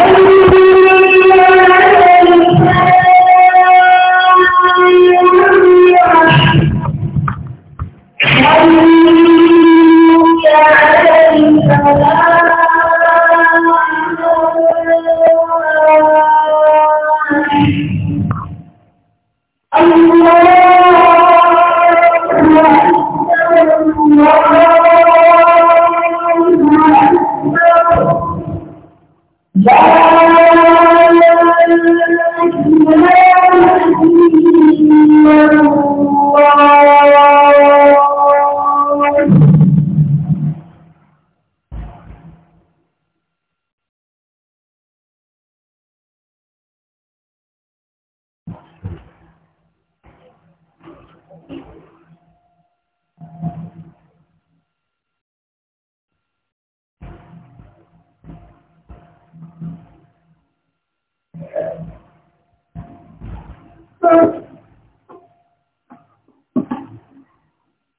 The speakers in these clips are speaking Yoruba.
Hallelujah.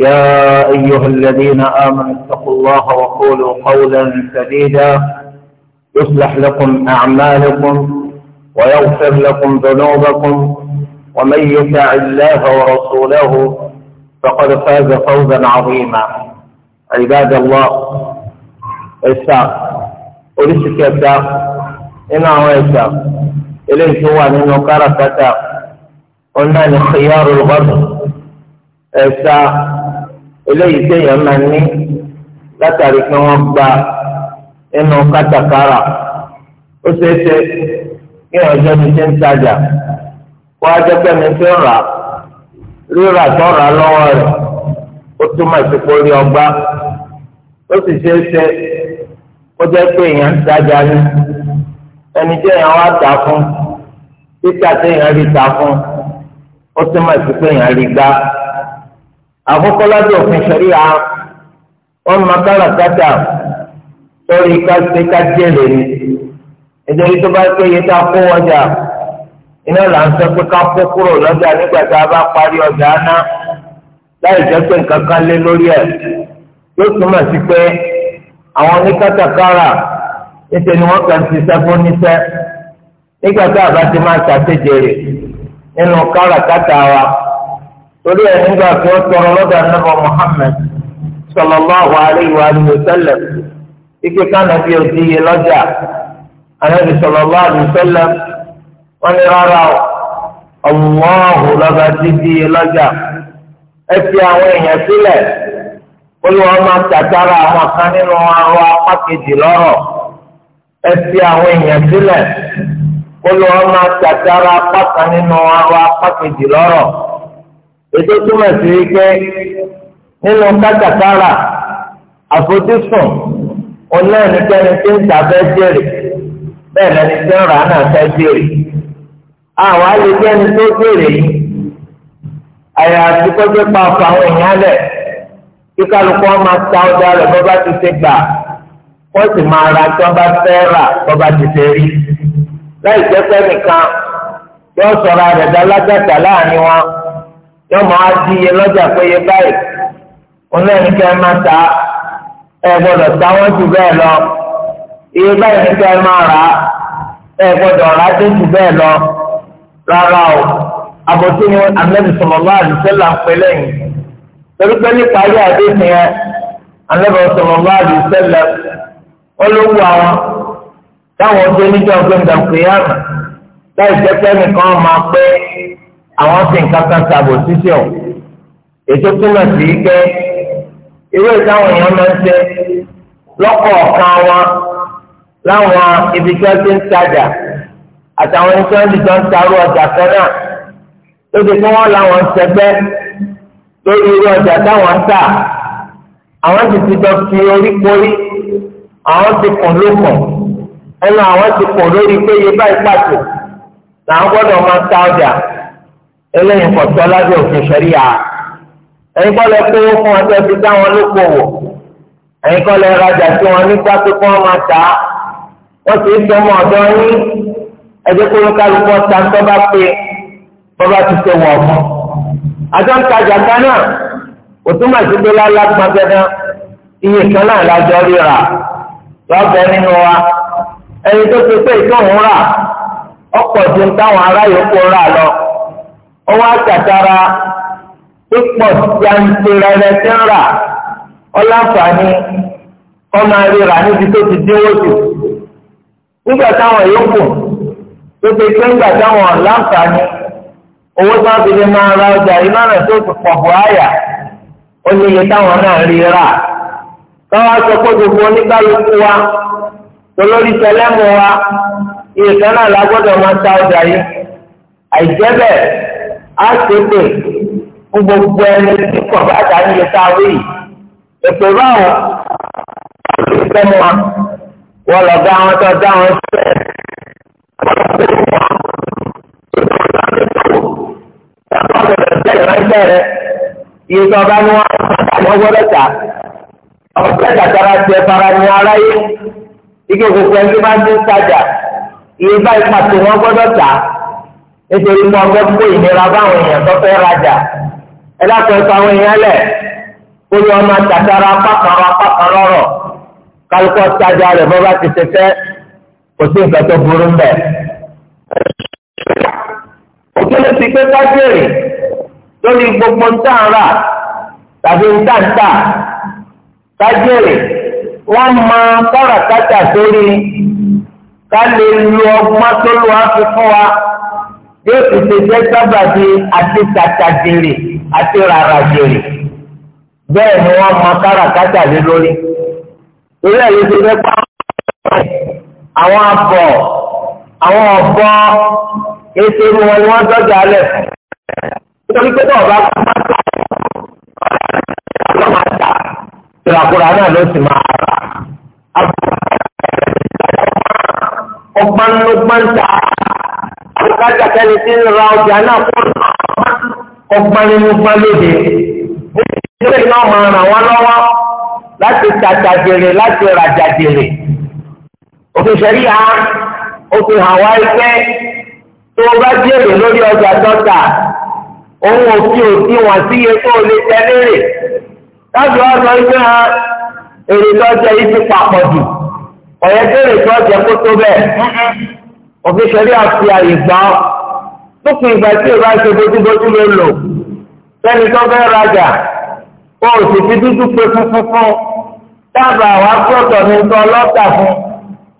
يا أيها الذين آمنوا اتقوا الله وقولوا قولا سديدا يصلح لكم أعمالكم ويغفر لكم ذنوبكم ومن يطع الله ورسوله فقد فاز فوزا عظيما عباد الله إساء أرسك إساء إنا وإساء إليه هو أنه كرفتك قلنا خيار الغضب إساء eléyìí téèyàn máa ní látàrí pé wọ́n gba ẹnu kátàkárà ó ṣeé ṣe kí ọjọ́ mi ti ń tajà kó ajọ́ pé mi ti ń rà rírà tó rà lọ́wọ́ rẹ̀ ó túmọ̀ sí pé ó rí ọgbà ó sì ṣeé ṣe kó jẹ́ pé èèyàn ń tajà ní ẹni tí èèyàn wá tà fún títà tí èèyàn rí tà fún ó túmọ̀ sí èèyàn rí gbá àkọ́kọ́ lábẹ́ òfin ṣẹ̀ríà wọ́n máa kára kátà sórí kásìkè kájẹ́lẹ̀ ni nítorí tó bá pé iye tá a kó ọjà iná là ń sọ pé ká kó kúrò lọ́jà nígbà tá a bá parí ọjà ná láì jẹ́ pé nǹkan kan lé lórí ẹ̀ yóò túmọ̀ sí pé àwọn oníkátàkárà níṣẹ́ ni wọ́n kàn ti sẹ́fún níṣẹ́ nígbà tá a bá ti máa ṣàtẹ̀jẹ̀rẹ̀ nínú káràkátà wa torí ẹ̀ nígbà tí ó tọrọ lọ́dọ̀ anábọ̀ Muhammad sallallahu alayhi wa sallam ike kánà bí o ti yẹ lọ́jà anábì sallallahu alayhi wa sallam wọ́n ní rárá o ọ̀wọ́hùn lọ́ba ti di yẹ lọ́jà ẹ fi àwọn èèyàn sílẹ̀ olùwà máa tàtàrà àwọn kan nínú àwọn apá kejì lọ́rọ̀ ẹ fi àwọn èèyàn sílẹ̀ olùwà máa tàtàrà apá kan nínú àwọn apá kejì lọ́rọ̀. ètò túmọ̀ sí pé nínú kátàkárà àfojúsùn ọlọ́ọ̀nìkẹ́ni tí ń ta fẹ́ jèrè bẹ́ẹ̀ lẹni tí ń rà á náà fẹ́ jèrè àwọn alẹ́jẹ́ni tó jèrè yìí àyàfi kọ́jọ́ pa ọ̀pọ̀ àwọn èèyàn lẹ̀ kí kálukú wọn máa ta ọjà rẹ̀ bọ́ bá ti ṣe gbà wọ́n sì máa ra tí wọ́n yóò máa di iye lọ́jà péye báyìí wọn náà ní kí ẹ máa ta ẹ gbọ́dọ̀ ta wọ́n jù bẹ́ẹ̀ lọ iye báyìí ní kí ẹ máa rà ẹ gbọ́dọ̀ rà dé jù lọ rárá o àbòtí ni Ànábì sallallahu alaihi wasallam ń torí pé nípa ayé àwọn táwọn ọdún pè é láì pé nìkan àwọn fi nǹkan kan ṣàbò sísè ọ ètò túmọ̀ sí pé irú ìtàwọn èèyàn máa ń ṣe lọ́kọ̀ọ̀kan wọn láwọn ibi tí wọ́n ti ń tajà àtàwọn ẹni tí wọ́n ti jọ ń tarú ọjà kan náà lóde tí wọ́n láwọn ń ṣẹgbẹ́ lórí irú ọjà táwọn ń tà àwọn ti ti jọ fi orí korí àwọn ti kùn lókùn ẹnu àwọn ti kùn lórí pé iye báyìí pàtó làwọn gbọ́dọ̀ máa ta ọjà. eléyìí kò tọ́ lábẹ́ òfin ha. ẹ̀yin kọ́ lẹ kówó fún wọn ti dá wọn lókòwò ẹ̀yin kọ́ lẹ rajà wọn nígbà tó kọ́ máa tà wọ́n ti sọ ọmọ ọ̀dọ́ yín ta tó bá ti ṣe wọ̀ àjọ ń tajà kánà nínú wa ẹni tó ti pé rà ọ̀pọ̀ ju táwọn ará yòókù ọwọ́ àtàtàrà pípọ̀ yantirẹrẹ tí ń rà ọláǹfààní kọ́ máa níbi tó ti dínwó jù nígbà táwọn yòókù tó ti táwọn láǹfààní owó ra ọjà iná rẹ̀ tó ti pọ̀ bọ́ àyà ó ní iye táwọn náà rí rà káwá sọ pé gbogbo oníkálukú wa wa iye kan náà máa ta ọjà yìí àìjẹ́ á ṣe pé fún gbogbo ẹni tí kò bá dá nílé táwé yìí ètò báwọn ọ̀rọ̀ ìfẹ́mu wa wọ́n lọ bá wọn tó dá wọn sílẹ̀ iye tó ọba ni wọn àwọn gbọ́dọ̀ ta ọ̀pẹ́ kàtàrà tiẹ fara ní aráyé ike gbogbo ẹni tó bá ń dín sájà iye báyìí pàtó wọn gbọ́dọ̀ ta nítorí pé ọgbẹ́ kó ìnira báwọn èèyàn tó fẹ́ rajà ẹ dákun ẹ fáwọn èèyàn lẹ̀ kó ní ọmọ tàtàrà pàkàrà pàkàrà rọ̀ kálukọ́ tajà rẹ̀ bọ́ bá ti ṣe fẹ́ kò sí nǹkan tó burú ń bẹ̀. òkèlè ti pé kájèrè lórí gbogbo ntàǹrà tàbí ntàǹtà kájèrè wọ́n máa káràkátà sórí ká lè lu ọgbọ́n tó lù á fi fún wa yóò sì ṣe jẹ́ sábàbí àti tàtàjèrè àti ràràjèrè bẹ́ẹ̀ ni wọ́n mọ káràkátà lé lórí. Torí ẹ̀yẹ́ ti fẹ́ pa àwọn abọ̀ àwọn ọ̀bọ ètò ìlú wọn ni wọ́n dọ́jà alẹ̀. Nítorí pé bọ́ọ̀ bá kú máa tà ọ̀rọ̀ máa tà ìràkúrà náà ló sì máa rà. Ọgbọ́n ló gbọ́n tà bùkátà kẹ́ni tí ń ra ọjà náà kó ọgbọ́n nínú gbọ́n lóde. Ìdílé máa ràn wọ́n lọ́wọ́ láti jèrè láti jèrè. Òfin ha òfin hàwa ẹgbẹ́ bá jèrè ọjà dọ́tà òun ò fi òfin wọ̀n sí iye tó o lè tẹ Láti wá sọ ha èrè lọ́jà yìí ti jù. tó bẹ́ẹ̀. òfin ṣẹlẹ̀ àti àyè gbà ọ lópin ìgbà tí ìbá ṣe bójúbójú ló lò sẹni tó fẹ́ rajà kó o sì fi dúdú pé funfun fún dábàá wá pé ọ̀tọ̀ ní tọ́ ọlọ́tà fún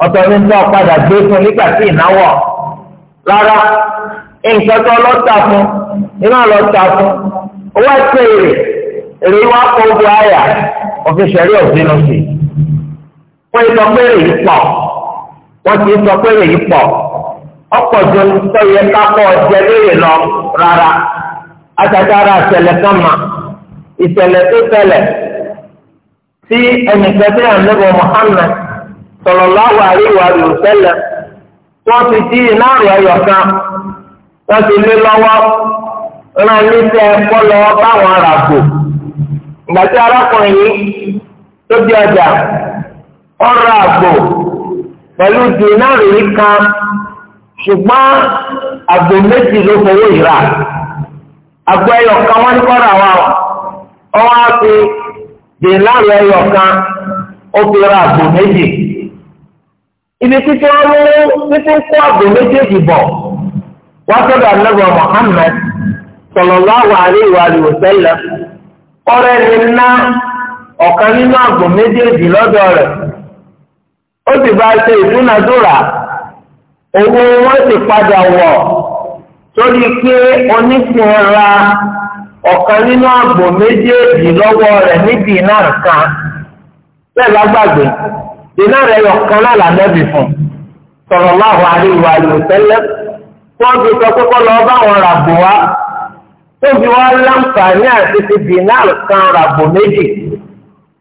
ọ̀tọ̀ ní tọ́ padà gbé fún nígbà tí ìnáwó rárá nǹkan tó ọlọ́tà fún iná ọlọ́tà fún owó ẹ̀sẹ̀ èrè èrè wá kó o bu àyà òfin ṣẹlẹ̀ òfin lọ sí i wọ́n ti yìí pọ̀ wọ́n ti sọ pé èrè pọ̀. ọkọ̀jọ ntọ́yẹ kápọ̀ ọ̀jẹ̀ lóye lọ rárá rara àṣẹlẹ̀ kan mà ìṣẹ̀lẹ̀ tó ṣẹlẹ̀ tí ẹnìkan tí Muhammad sallallahu alaihi wa sallam wọ́n ti dí iná rẹ̀ kan wọ́n ti lé lọ́wọ́ rán báwọn ìgbà tí arákùnrin yìí tó di ọjà ṣùgbọ́n àgbò méjì ló fowó ìra àgbò ẹyọ kan wọ́n ní kọ́ra wa ọwọ́ á fi dè láàrú ẹyọ kan ó fi ra àgbò méjì ibi títí wọn mú títí kó àgbò méjèèjì bọ̀ wọ́n sọ̀rọ̀ ànábọ̀ Muhammad sallallahu alaihi wa alihi ọ̀rẹ́ ni ọ̀kan owó wọn sì padà wọ̀ torí pé onífin ra ọ̀kan nínú àgbò méjèèjì lọ́wọ́ rẹ̀ níbi iná kan bẹ́ẹ̀ lágbàgbé iná rẹ̀ yọ kan náà lànàbì fún sallallahu alaihi wa sallam wọ́n fi sọ pé kọ́ lọ bá wọn ràgbò wá tóbi wá láǹfààní àti ti dìínà kan ràgbò méjì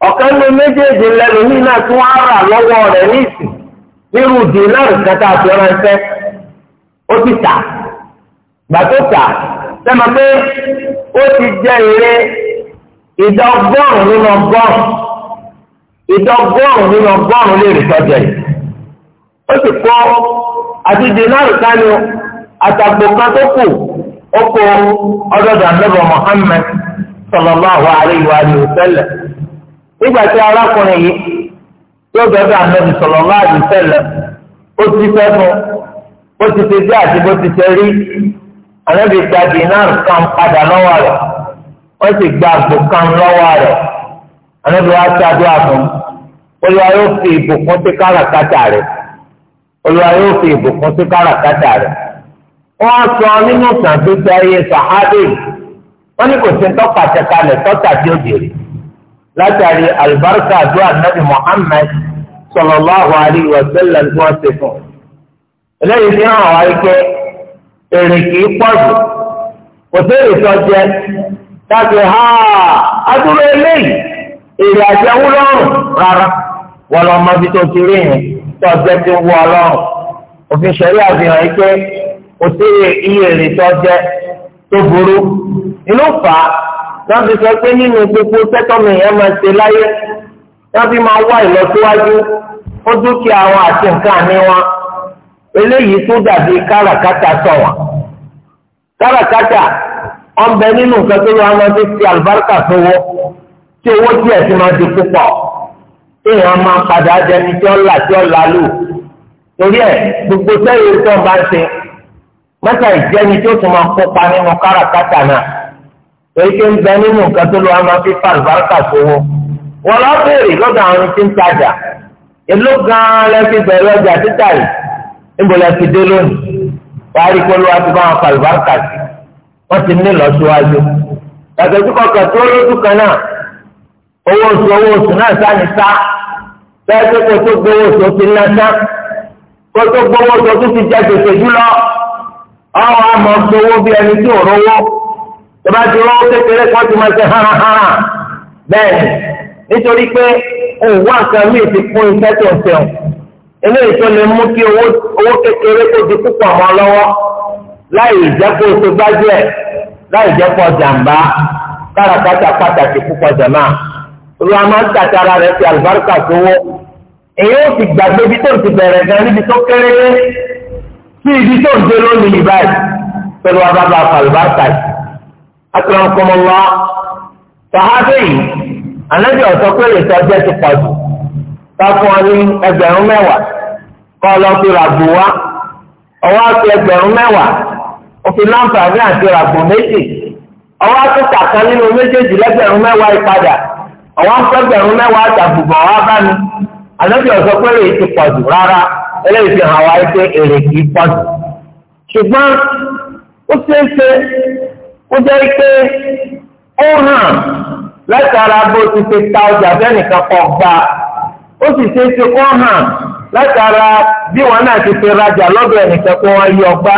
ọ̀kan nínú méjèèjì lẹ́nu ní iná tí wọ́n á rà lọ́wọ́ rẹ̀ ní ìsìn. irú di kan tá a fi ó ti tà gbà tà pé ó ti jẹ́ eré ìdá ọgọ́rùn nínú ọgọ́rùn ìdá ọgọ́rùn nínú ọgọ́rùn lè rí sọ́jà yìí ó sì àti ni àtàgbò kan tó kù ó kó ọdọọdọ nígbà tí arákùnrin yìí. yóò dọdọ anabi sọlọ lọ àdìsẹlẹ ó ti fẹ fún bó ti ti dé àti bó ti ti rí anabi gba dinar kan padà lọ́wọ́ rẹ̀ wọn sì gba àgbò kan lọ́wọ́ rẹ̀ anabi wa ti adúlá fún olùwà yóò fi ìbùkún sí káràkátà rẹ̀ olùwà yóò fi ìbùkún sí rẹ̀ sọ nínú sàhádé ní kò sí kalẹ̀ tọta tí ó látàrí àlùbáríkà àdúrà nàbì Muhammad sallallahu alaihi wa sallam tí wọ́n ti fún. eléyìí fi hàn wá pé èrè kìí pọ̀ jù kò sí èrè tó jẹ láti ha adúlọ eléyìí èrè àjẹwò lọ́rùn rárá wọ́n lọ mọ tó ti yẹn tó jẹ́ ti wọ ọlọ́run òfin ṣẹ̀rí àfihàn pé kò sí iye èrè tó jẹ tó burú inú fà wọ́n fi sọ pé nínú gbogbo sẹ́tọ́mù yẹn máa ṣe láyé wọ́n fi máa wá ìlọsíwájú fún dúkìá wọn àti nǹkan àní wọn eléyìí tó dàbí káràkátà sọ̀wọ́n káràkátà ọ̀nbẹ nínú nǹkan tó lọ́wọ́ máa fi àlùbáríkà sówó tí owó díẹ̀ ti máa di púpọ̀ tí èèyàn máa padà jẹni tí ó là tí ó là lù torí ẹ̀ gbogbo sẹ́yìn tó ń bá ń ṣe mọ́tà ìjẹni tó tún máa kópa nínú káràkátà náà. èyí ike ń bẹ nínú nǹkan tó lọ́wọ́ máa fi fa àlùbáríkà sówó wọn lọ béèrè lọ́dọ̀ àwọn tí ń tajà èló gan-an lẹ́ fi bẹ̀rẹ̀ ọjà títà yìí níbo lẹ́ fi dé lónìí wàá rí pé olúwa ti bá wọn fa àlùbáríkà sí wọ́n ti ní lọ́síwájú yàtọ̀ sí kọkàn tó lójú kan náà owó oṣù owó oṣù náà sáni sá bẹ́ẹ̀ tó kó tó gbowó oṣù ti kó tó gbowó oṣù tó ti gbèsè jùlọ tọba ti rán kékeré kan ti máa ṣe hárahára bẹ́ẹ̀ nítorí pé òwò àǹkan mi ti kún iṣẹ́ tó ń sẹun eléyìí tó lè mú kí owó kékeré tó di púpọ̀ mọ́ lọ́wọ́ láì jẹ́ kó o tó gbájú ẹ̀ láì jẹ́ kó jàǹbá káràkátà pàtàkì púpọ̀ jàmá olúwa máa ń tàtàrà rẹ̀ fi àlùbáríkà sówó èyí ó ti gbàgbé ibi tó ti bẹ̀rẹ̀ gan níbi tó kéré sí ibi tó ń dé lónìí báyìí pẹ̀lú abábà àlùbáríkà yìí. Akpọrọ sàhábẹ yìí ànábì ọ̀sọ́ pé èso ọjọ́ ti pọ̀ jù káfún ọ ní ẹgbẹ̀rún mẹ́wàá kọ́ lọ fi ràgbò wá ọwọ́ àti ẹgbẹ̀rún mẹ́wàá òfin láǹfààní àti ràgbò méjì àti nínú méjèèjì ìpadà àti ti rárá eléyìí fi hàn wáyé pé èrè kì í ó jẹ́ pé ó hàn látara bó ti ṣe ta ọjà fẹ́nìkan kọ gba ó sì ṣe é ṣe kó hàn bí wọn náà ti fi rajà lọ́dọ̀ ẹnìkan kó wọ́n yí ọgbà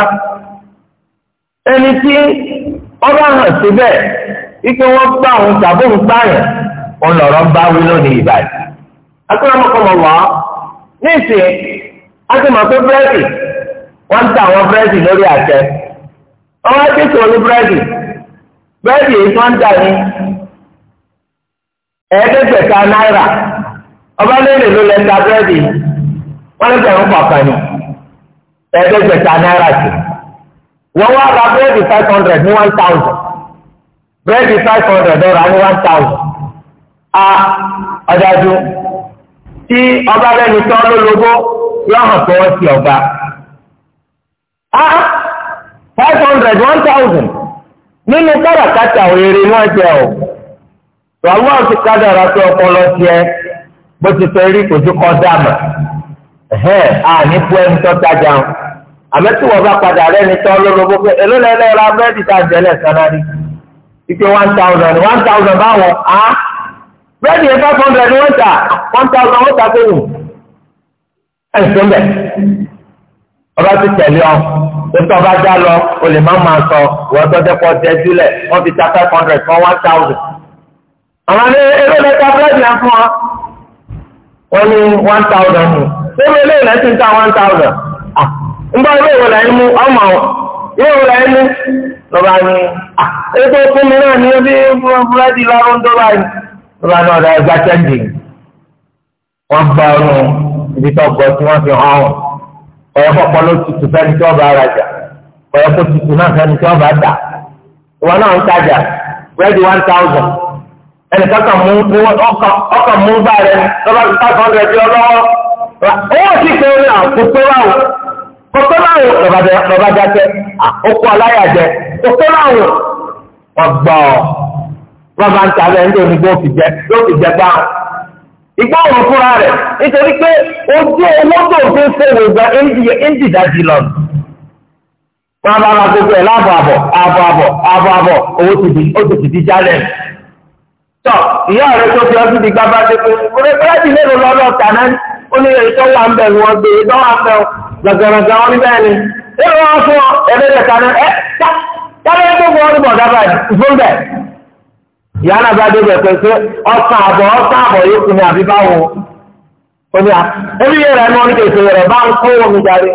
ẹni ọba hàn ike wọ́n gbà òun tàbí òun gbàyàn òun lọ̀rọ̀ ń bá wí lónìí ìbàdí. wá ní ìsìn pé búrẹ́dì wọ́n ń ta àwọn búrẹ́dì lórí bẹ́ẹ̀ni èyí máa ń dà ní ẹ̀ẹ́dẹ́gbẹ̀ta náírà ọba lẹ́lẹ̀ ló lẹ́ ta bẹ́ẹ̀ni wọ́n lè bẹ̀rù pàpàyàn ẹ̀ẹ́dẹ́gbẹ̀ta náírà sí wọ́n wá ra bẹ́ẹ̀ni five hundred ní one thousand bẹ́ẹ̀ni five hundred ọ̀rà ní one thousand a ọ̀dájú tí ọba lẹ́nu tọ́ lólobó yóò hàn pé wọ́n ti ọba a five hundred one thousand nínú káràkátà òyèrè ni jẹ o ràwọn ti kádàrà pé ọpọlọ tiẹ̀ bó ti fẹ́ rí kò ju kọ́ dàmà ẹ̀hẹ́n àní bú ẹni tó tajà o àmọ́ tí wọ́n bá padà rẹ̀ ní tọ́ lólobó pé elólẹ́lẹ́ ra bẹ́ẹ̀dì tá a jẹ́lẹ̀ sanadi ike one thousand one thousand báwo á bẹ́ẹ̀dì yẹn five hundred ni wọ́n tà one thousand wọ́n tà fún un ẹ̀ ń sọ́mbẹ̀ ọba ti tẹ̀lé ọ ètò ọba já lọ o lè má máa sọ wọ́n tó dẹ́pọ̀ tẹ́jú lẹ̀ wọ́n fi ta five hundred fún one thousand. àwọn ní eré lẹ́tà búrẹ́dì yẹn fún wa wọ́n ní one thousand mu lórí eléyìí lẹ́sìn ta one thousand. ńgbà ilé ìwé lẹ́yìn mú ọmọ ilé ìwé mú lọ́ba ní ètò fún mi náà ní lọ́rùn tó lọ́ba ọ̀dà ẹgbẹ́ wọ́n ibi tó gbọ́ tí wọ́n ọ̀yọ́ pọ̀pọ̀ ló tutù araja tí wọ́n bá ara jà ọ̀yọ́ pọ̀ tutù náà fẹ́ni tí bá náà ń tajà one thousand mú ọkàn mú bá rẹ five hundred owó pé ní lọ́ba jáde àkókò aláyàjẹ ọgbọ́n ń ta ìgbọ́ràn fúnra rẹ̀ nítorí pé ojú owó tó fi ṣòwò gba lọ. wọn bá ra gbogbo ẹ̀ láàbọ̀ àbọ̀ owó ti di ó ti di jálẹ̀. tọ ìyá rẹ tó fi ọdún di gbábá dé pé orí búrẹ́dì mélòó lọ́dọ̀ tàná ó ní èyí tó wà ń gbé wọn ni wọn fún ọ ẹ̀ ìyá náà bá débẹ̀ pé pé ọ̀sán àbọ̀ ọ̀sán àbọ̀ yìí kù ní àbí báwo ó ní à ebi yẹn rẹ̀ ní wọn kì í ṣe rẹ̀ bá ń kó omi darí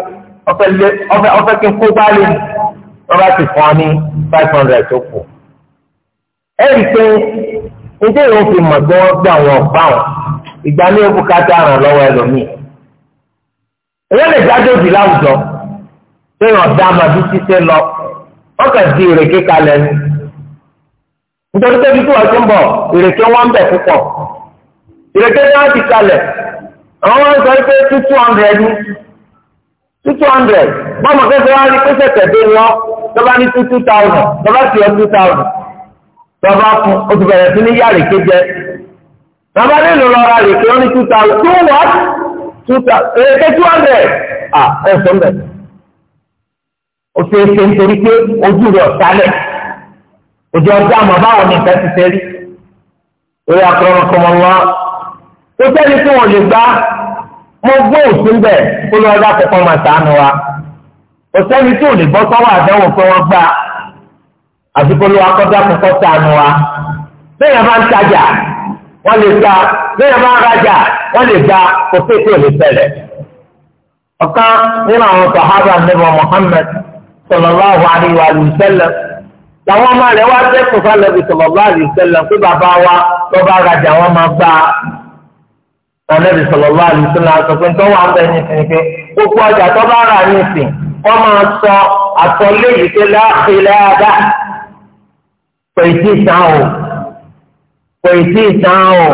ọ̀fẹ́ kí n kó gbálẹ̀ mi wọ́n bá ti fún ọ ní five hundred tó kù. ẹ rí i pé nítorí ìwọ̀n fi mọ̀ pé wọ́n gbé àwọn ọ̀gbá wọn ìgbà ní o bùkátà ràn lọ́wọ́ ẹlòmíì. èyí lè jáde òbí láwùjọ pé ọ̀dà màbí ti lọ wọ́n kàn di ìrèké kalẹ̀ ni nítorí pé títí wà tó ń bọ̀ ìrèké wọn ń bẹ̀ púpọ̀ ìrèké náà ti kalẹ̀ àwọn wọn sọ pé two two hundred ní two two hundred bọ́mọ̀ kẹsàn-án wọn ni pẹ́sẹ̀ tẹ̀dé wọn tọ́ba ní two two thousand tọ́ba sì yọ two thousand tọ́ba fún oṣù bẹ̀rẹ̀ sí ní yàrá ìkéjẹ tọ́ba nílò lọ́ra ìrèké wọn ní two thousand two what two thousand ìrèké two hundred ah ẹ̀ sọ́mbẹ̀ o ṣe é ṣe nítorí pé ojú rẹ̀ ọ̀sálẹ̀. òjò ọjọ́ àmọ́ báwo ni nǹkan ti tẹ́lí orí akọrọ kọmọ wa ó tẹ́lí tí wọ́n lè gbá mo gbó òsín bẹ̀ kó lọ́ọ́ dá kọ́kọ́ máa sànù wa ó tẹ́lí tí ò lè bọ́ sọ́wọ́ àdánwò pé wọ́n gbá àti kó lọ́ọ́ akọ́dá kọ́kọ́ wa bẹ́ẹ̀ yẹn bá ń tajà wọ́n lè bẹ́ẹ̀ yẹn bá ń rajà wọ́n lè kó pé làwọn ọmọ rẹ̀ wá dẹ́kun fálẹ́bí sallallahu alaihi wasallam pé bàbá wa lọ́ba rajà wọn máa gbá fálẹ́bí sallallahu alaihi wasallam sọ pé tọ́wọ́ àwọn ẹni sìn pé gbogbo ọjà tó bá rà ní ìsìn wọ́n máa sọ àtọ́lé yìí pé láàpẹ̀lẹ́ àdá kò ì tí ì tán o kò ì tí ì tán o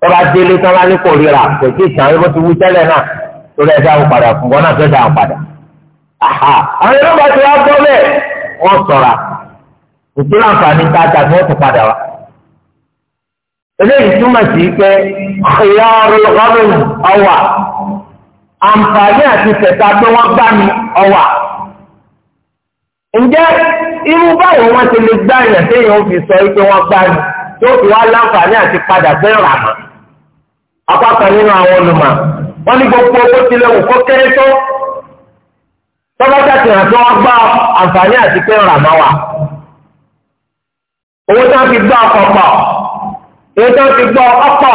tọ́ba délé tọ́ba ní kò ríra kò tí ì tán o ti wú tẹ́lẹ̀ náà torí ẹ̀ dáhùn padà fún wọn náà fẹ́ dáhùn padà. àwọn ẹ̀rọ òtún láǹfààní tá a tà fún ọ̀tún padà wá. eléyìí túmọ̀ sí pé ìyá ọlọ́run ọwà àǹfààní àti pé wọ́n gbá mi ọwà. ǹjẹ́ irú báwo wọ́n ti lè gbá yàn téèyàn fi sọ pé wọ́n gbá mi tó fi wá láǹfààní àti padà fẹ́ rà mọ́. nínú àwọn olùmọ̀ gbogbo owó kó kéré tó tọ́lá àti wọ́n gbá wa. owó tá a fi gbọ́ ọkọ̀ pọ̀ owó tá a fi gbọ́ ọkọ̀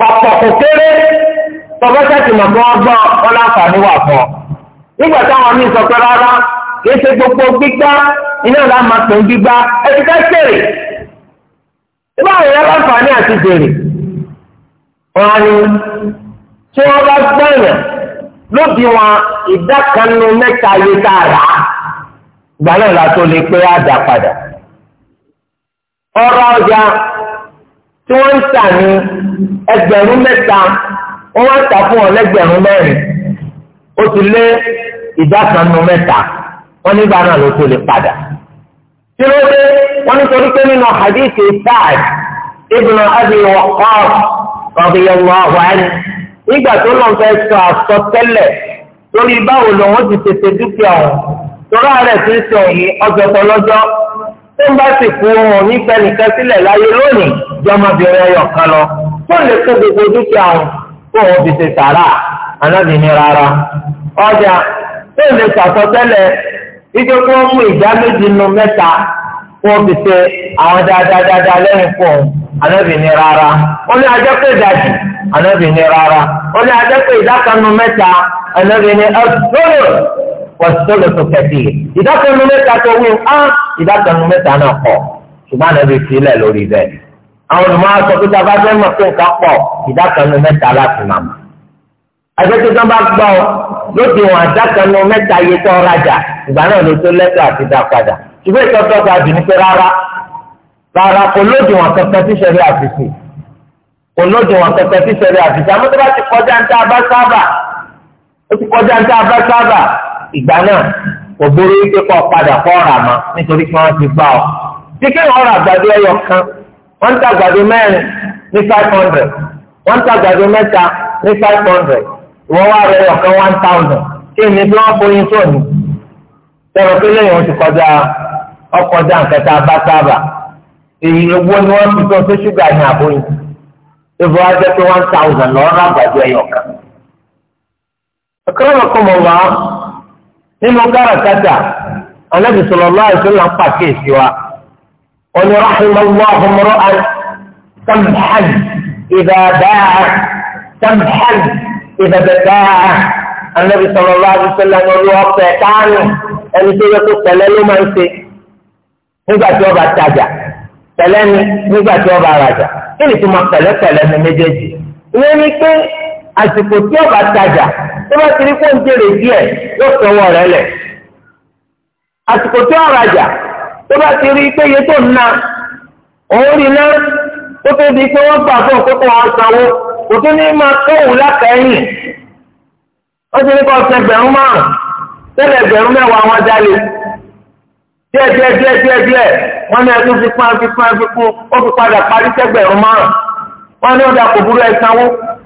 pọ̀pọ̀ kò kéré tọ́fẹ́sẹ̀tì mọ̀ tó wọ́n wà nígbà táwọn sọ gbogbo gbígbá iná ìlà máa pè ń gbígbá ẹtì àwọn àti wọn á ní tí wọn bá lóbi wọn ìdá kan nu mẹ́ta ọrọ ọjà tí wọ́n ń tà ní ẹgbẹ̀rún mẹ́ta wọn wá tà fún ó ti lé ìdá kan nu nígbà náà ló tó lè padà. tí ló dé wọ́n nítorí pé nínú hadithi Sa'd ibn Abi Waqqas radiyallahu anhu nígbà tó lọ́n fẹ́ sọ àsọtẹ́lẹ̀ lórí báwo lòun ti tètè dúkìá tó ń bá sì kú wọn nípa nìkan sílẹ̀ láyé lónìí jọmọbìnrin ẹyọ kan lọ tó lè kó gbogbo dúkìá wọn kó wọn fi ṣe sàrà ànábì ní rárá ọjà tó lè sàsọtẹ́lẹ̀ ike kó wọn mú ìdá méjì nu mẹ́ta kó wọn fi ṣe àwọn dáadáa lẹ́yìn fún un ànábì ní rárá ó ní ajá pé ìdajì ànábì ní rárá ó ní ajá pé ìdá kan nu mẹ́ta ànábì ní ẹ wọ́sọ̀lọ̀ tó kẹ̀sì ìdákanu mẹ́ta tó wí á ah, ìdákanu mẹ́ta náà pọ̀ ṣùgbọ́n àná bíi sílẹ̀ lórí bẹ́ẹ̀ àwọn olùmọ̀ aṣọ tó ta bá fẹ́ mọ̀ pé nǹkan pọ̀ ìdákanu mẹ́ta láti máa mọ̀ àgbẹ̀tẹ̀ tó bá gbọ́ lóde wọn àdákanu mẹ́ta yẹ tó rajà ìgbà náà ló tó lẹ́tọ̀ àti dá padà ṣùgbọ́n ìtọ́tọ́ ta jù ní pé rárá rárá kò lóde wọn kankan tí sẹ́rí àfìsì kò lóde wọn kankan tí sẹ́rí àfìsì àmọ́ bá ti kọjá ń tá a bá sábà ó ti kọjá ń tá a bá sábà ìgbà náà òbóró wípé kọ́ padà kọ́ ọ̀rà mọ́ nítorí pé wọ́n ti gbà ọ́. Bí kéèyàn àgbàdo ẹyọ kan, wọ́n ń ta àgbàdo mẹ́rin ní five hundred, wọ́n ń ta àgbàdo mẹ́ta ní five hundred, ìwọ́n wá ẹyọ kan one thousand, kí ni bí wọ́n foyín tó ní. Sọ̀rọ̀ pé lẹ́yìn oṣù kọjá ọkọjá nǹkan tá a bá sábà. Èyí owó ni wọ́n fi ṣúgà ní Ìfọ̀ wá ẹyọ kan. nínú káràkátà anábì sallallahu alaihi wasallam ń pàkíyèsí wa ọ̀nà rahimallahu mar'an tamhan idha ba'a tamhan idha ba'a anábì sallallahu alaihi wasallam ní olúwọ́pẹ̀ káánù ẹni tó yẹ kó tẹ̀lé ló máa ń ṣe nígbà tí ó bá tajà tẹ̀lé ni nígbà tí ó bá rajà kí ni tó máa pẹ̀lẹ́pẹ̀lẹ́ ní méjèèjì ìyẹn ni pé àsìkò tí ọba tajà tó bá ti rí kó ń jèrè díẹ̀ yóò sọwọ́ rẹ̀ lẹ̀ àsìkò tí ọ̀rajà tó bá ti rí pé iye tó ń na òun rí náà tó tó di pé wọ́n gbà fún òkúta wọn sanwó kò tún ní máa tóhùn látẹ̀yìn wọ́n ti ní kọ́ ọ̀sẹ̀ ẹgbẹ̀rún márùn-ún tẹ́lẹ̀ ẹgbẹ̀rún mẹ́wàá wọn jálè díẹ̀ díẹ̀ díẹ̀ díẹ̀ díẹ̀ wọ́n ní ẹtún fi pán fi pán fi kún ó fi padà parí sẹ́gbẹ̀rún márùn-ún ní ọ̀dà kò burú ẹ̀ sanwó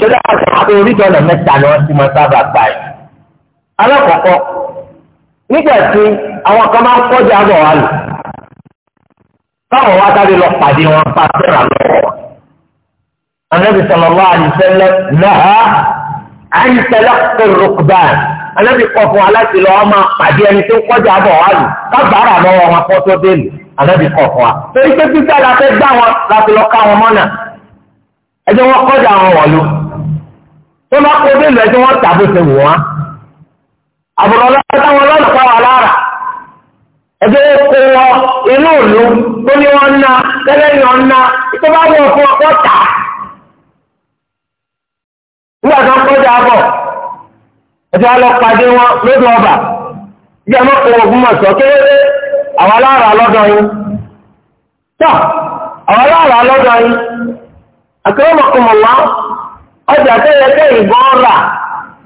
torí àwọn àti oríṣi ọ̀nà mẹ́ta ni wọ́n ti máa sábà gbà yìí. alákọ̀ọ́kọ́ nígbà tí àwọn kan máa ń kọjá bọ̀ wá lò táwọn wá sáré lọ pàdé wọn bá tẹ̀ra lọ́wọ́. anabi sallallahu alaihi wasallam náà àyíṣẹ́lẹ̀ kò rúkúbà anabi kọ̀ fún aláṣẹ lọ́wọ́ máa pàdé ẹni tó ń kọjá bọ̀ wá kábàárà lọ́wọ́ wọn kọ́ tó anabi kọ̀ wa. torí pé títà la fẹ́ gbá wọn láti lọ ká wọn mọ́nà ẹjọ́ wọn kọjá wọn wọ̀ tó bá kó bí ẹ tí wọ́n tà ṣe wù wọ́n. àbùrọ̀ ọlọ́run táwọn ọlọ́run wà lára ẹgbẹ́ kó wọ inú ìlú tó ní wọn ná tẹ́lẹ̀ ní wọn ná ọkọ tà. nígbà tó ń kọjá bọ̀ ẹjọ́ ọba ogun mọ̀ sọ kéré àwọn alára lọ́dọ̀ yín. tọ́ àwọn alára lọ́dọ̀ yín ọjà tẹ́lẹ̀ kẹ́yìn gan rà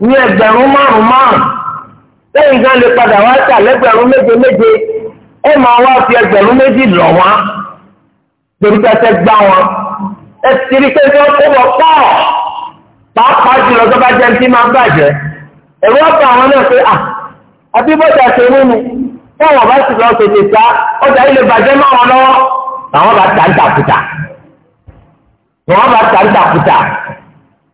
ní ẹgbẹ̀rún márùn márùn lẹ́yìn gan lè padà wá tà lẹ́gbẹ̀rún méje méje ẹ máa wá fi ẹgbẹ̀rún méjì lọ̀ wá torí pẹ́sẹ́ gbá wọn ẹ ti rí pé wọ́n kó wọ́n pọ̀ pàápàá jùlọ tó bá jẹ́ ní máa bàjẹ́ ẹ̀rọ ọ̀pọ̀ àwọn náà pé à àbí bọ́jà ṣe mú mi táwọn bá sì lọ tètè sá ọjà yìí lè bàjẹ́ máa wọn lọ́wọ́ làwọn bá tà ń tàkùtà làwọn bá tà ń tàkùtà.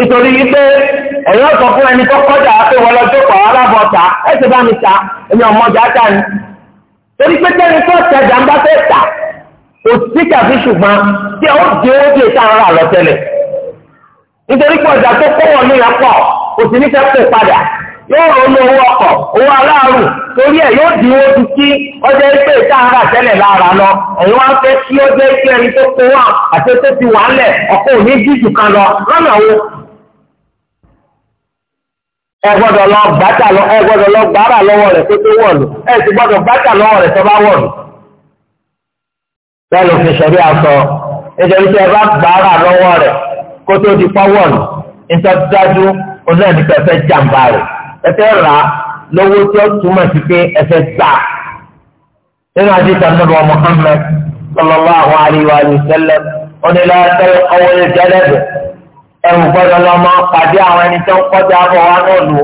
nítorí wípé ẹ̀yọ́ sọ fún ẹni tó kọjá pé wọ́n lọ jókòó alábọ̀ ta ẹ ti bá mi ta èmi ọmọjà ta ni. torí pé tẹ́ni tó tẹ̀jà ń bá fẹ́ tà kò sí tàbí ṣùgbọ́n tí ó di owó tí èta ń rà lọ tẹ́lẹ̀. nítorí pé ọjà tó kọ́ wọn níyàn pọ̀ kò sí nífẹ̀ẹ́ pè padà yóò ronú owó ọkọ̀ owó aláàrù torí ẹ̀ yóò di owó ti kí ọjà ìpè ìta ń tẹ́lẹ̀ lára lọ ẹ̀yin wá fẹ́ kí ọjà ìpè ẹni tó kó wà àti tó ti wà ẹ gbọ́dọ̀ lọ bàtà lọ ẹ gbọ́dọ̀ lọ bàrà lọ́wọ́ rẹ̀ tó tó wọ̀lù ẹ sì gbọ́dọ̀ bàtà lọ́wọ́ rẹ̀ tó bá wọ̀lù. bẹ́ẹ̀ ló fi sọ̀rí àsọ nítorí tí ẹ bá bàrà lọ́wọ́ rẹ̀ kó tó di pọ́ wọ̀lù nítorí dájú onáàdì pẹ̀fẹ́ jàǹbá rẹ̀ ẹ fẹ́ rà á lówó tí ó túmọ̀ sí pé ẹ fẹ́ gbà. nínú àdìsá nàbà Muhammad sallallahu alayhi wa sallam onílà ẹ̀rù gbọ́dọ̀ lọ máa pàdé àwọn ẹni tó ń kọjá bọ̀ wá náà lò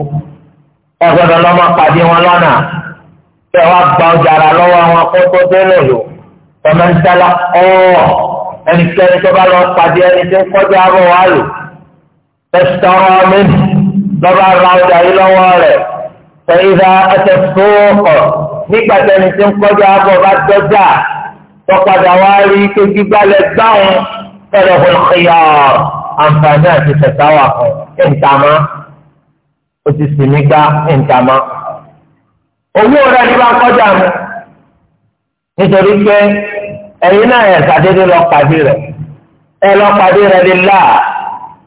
ẹ̀ gbọ́dọ̀ lọ máa pàdé wọn lọ́nà ẹ̀ wá gba ọjà rà lọ́wọ́ àwọn akọ́tọ́ délẹ̀ lò ọmọ ń dálá ọ́ ẹnikẹ́ni tó bá lọ pàdé ẹni tó ń kọjá bọ̀ wá lò ẹ̀sítọ́rọ̀ mi lọ́ba ra ọjà yìí lọ́wọ́ rẹ̀ ṣèyíra ẹsẹ̀ fúnkọ̀ nígbà tẹni tó ń kọjá bọ̀ bá ẹ̀rọ ìkọyà àǹfààní àti fẹ̀sáwà kan ẹ̀ǹtàmá o ti sì mí gbá ẹ̀ǹtàmá. owó rẹ̀ ni wọ́n kọjá mi nítorí pé ẹ̀yin náà ẹ̀ sàdédé lọ pàdé rẹ̀ ẹ̀ lọ pàdé rẹ̀ lè là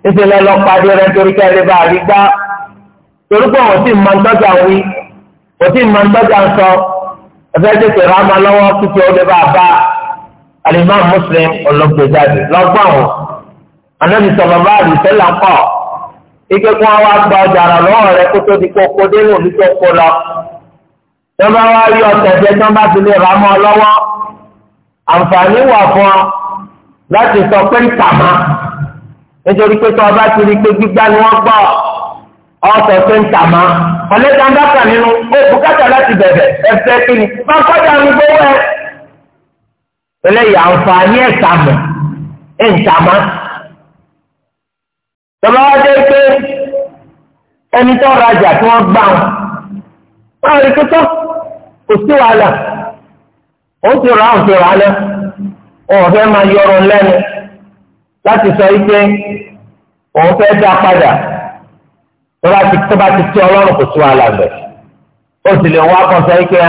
nítorí ẹ̀ lọ pàdé rẹ̀ nítorí kẹ́ ẹ̀ lè bá a rí gbá torí pé òun sì máa ń tọ́jà wí òun sì máa ń tọ́jà sọ ẹ̀fẹ́ tètè rámà lọ́wọ́ kíkẹ́ ó lè bá a bá a alimami muslim ọlọgbẹjáde lọgbọn o anabi sọlọ bá àdìsẹlẹ kọ ike kí wọn wá gba ọjà rà lọ́wọ́ rẹ̀ kó tó di kókó dé ní olùkó kó lọ tí wọn bá wá rí ọtẹ jẹ tí wọn bá ti lè rà mọ́ lọ́wọ́ àǹfààní wà fún ọ láti sọ pé ntàmá nítorí pé tí wọn bá ti rí pé gbígbá ni wọn gbọ́ ọtọ pé ntàmá ọlẹ́dàá ń dákà nínú ó bùkátà láti bẹ̀bẹ̀ ẹ̀fẹ́ kí ni bá kọjá ní gbówó ẹ eléyìí àǹfààní ẹ̀sàmù ẹ̀ǹtàmá. Tọ́lá wá dé pé ẹni tó rajà tí wọ́n gbà wọn. Wọ́n rí pé tó kò sí wàhálà. Ó ti rà ó ti Òun fẹ́ máa yọrọ lẹ́nu láti sọ wípé òun fẹ́ dá padà. Tọ́lá ti tọ́ba ti tí ọlọ́run kò sí wàhálà bẹ̀. Ó sì lè wá kan sọ wípé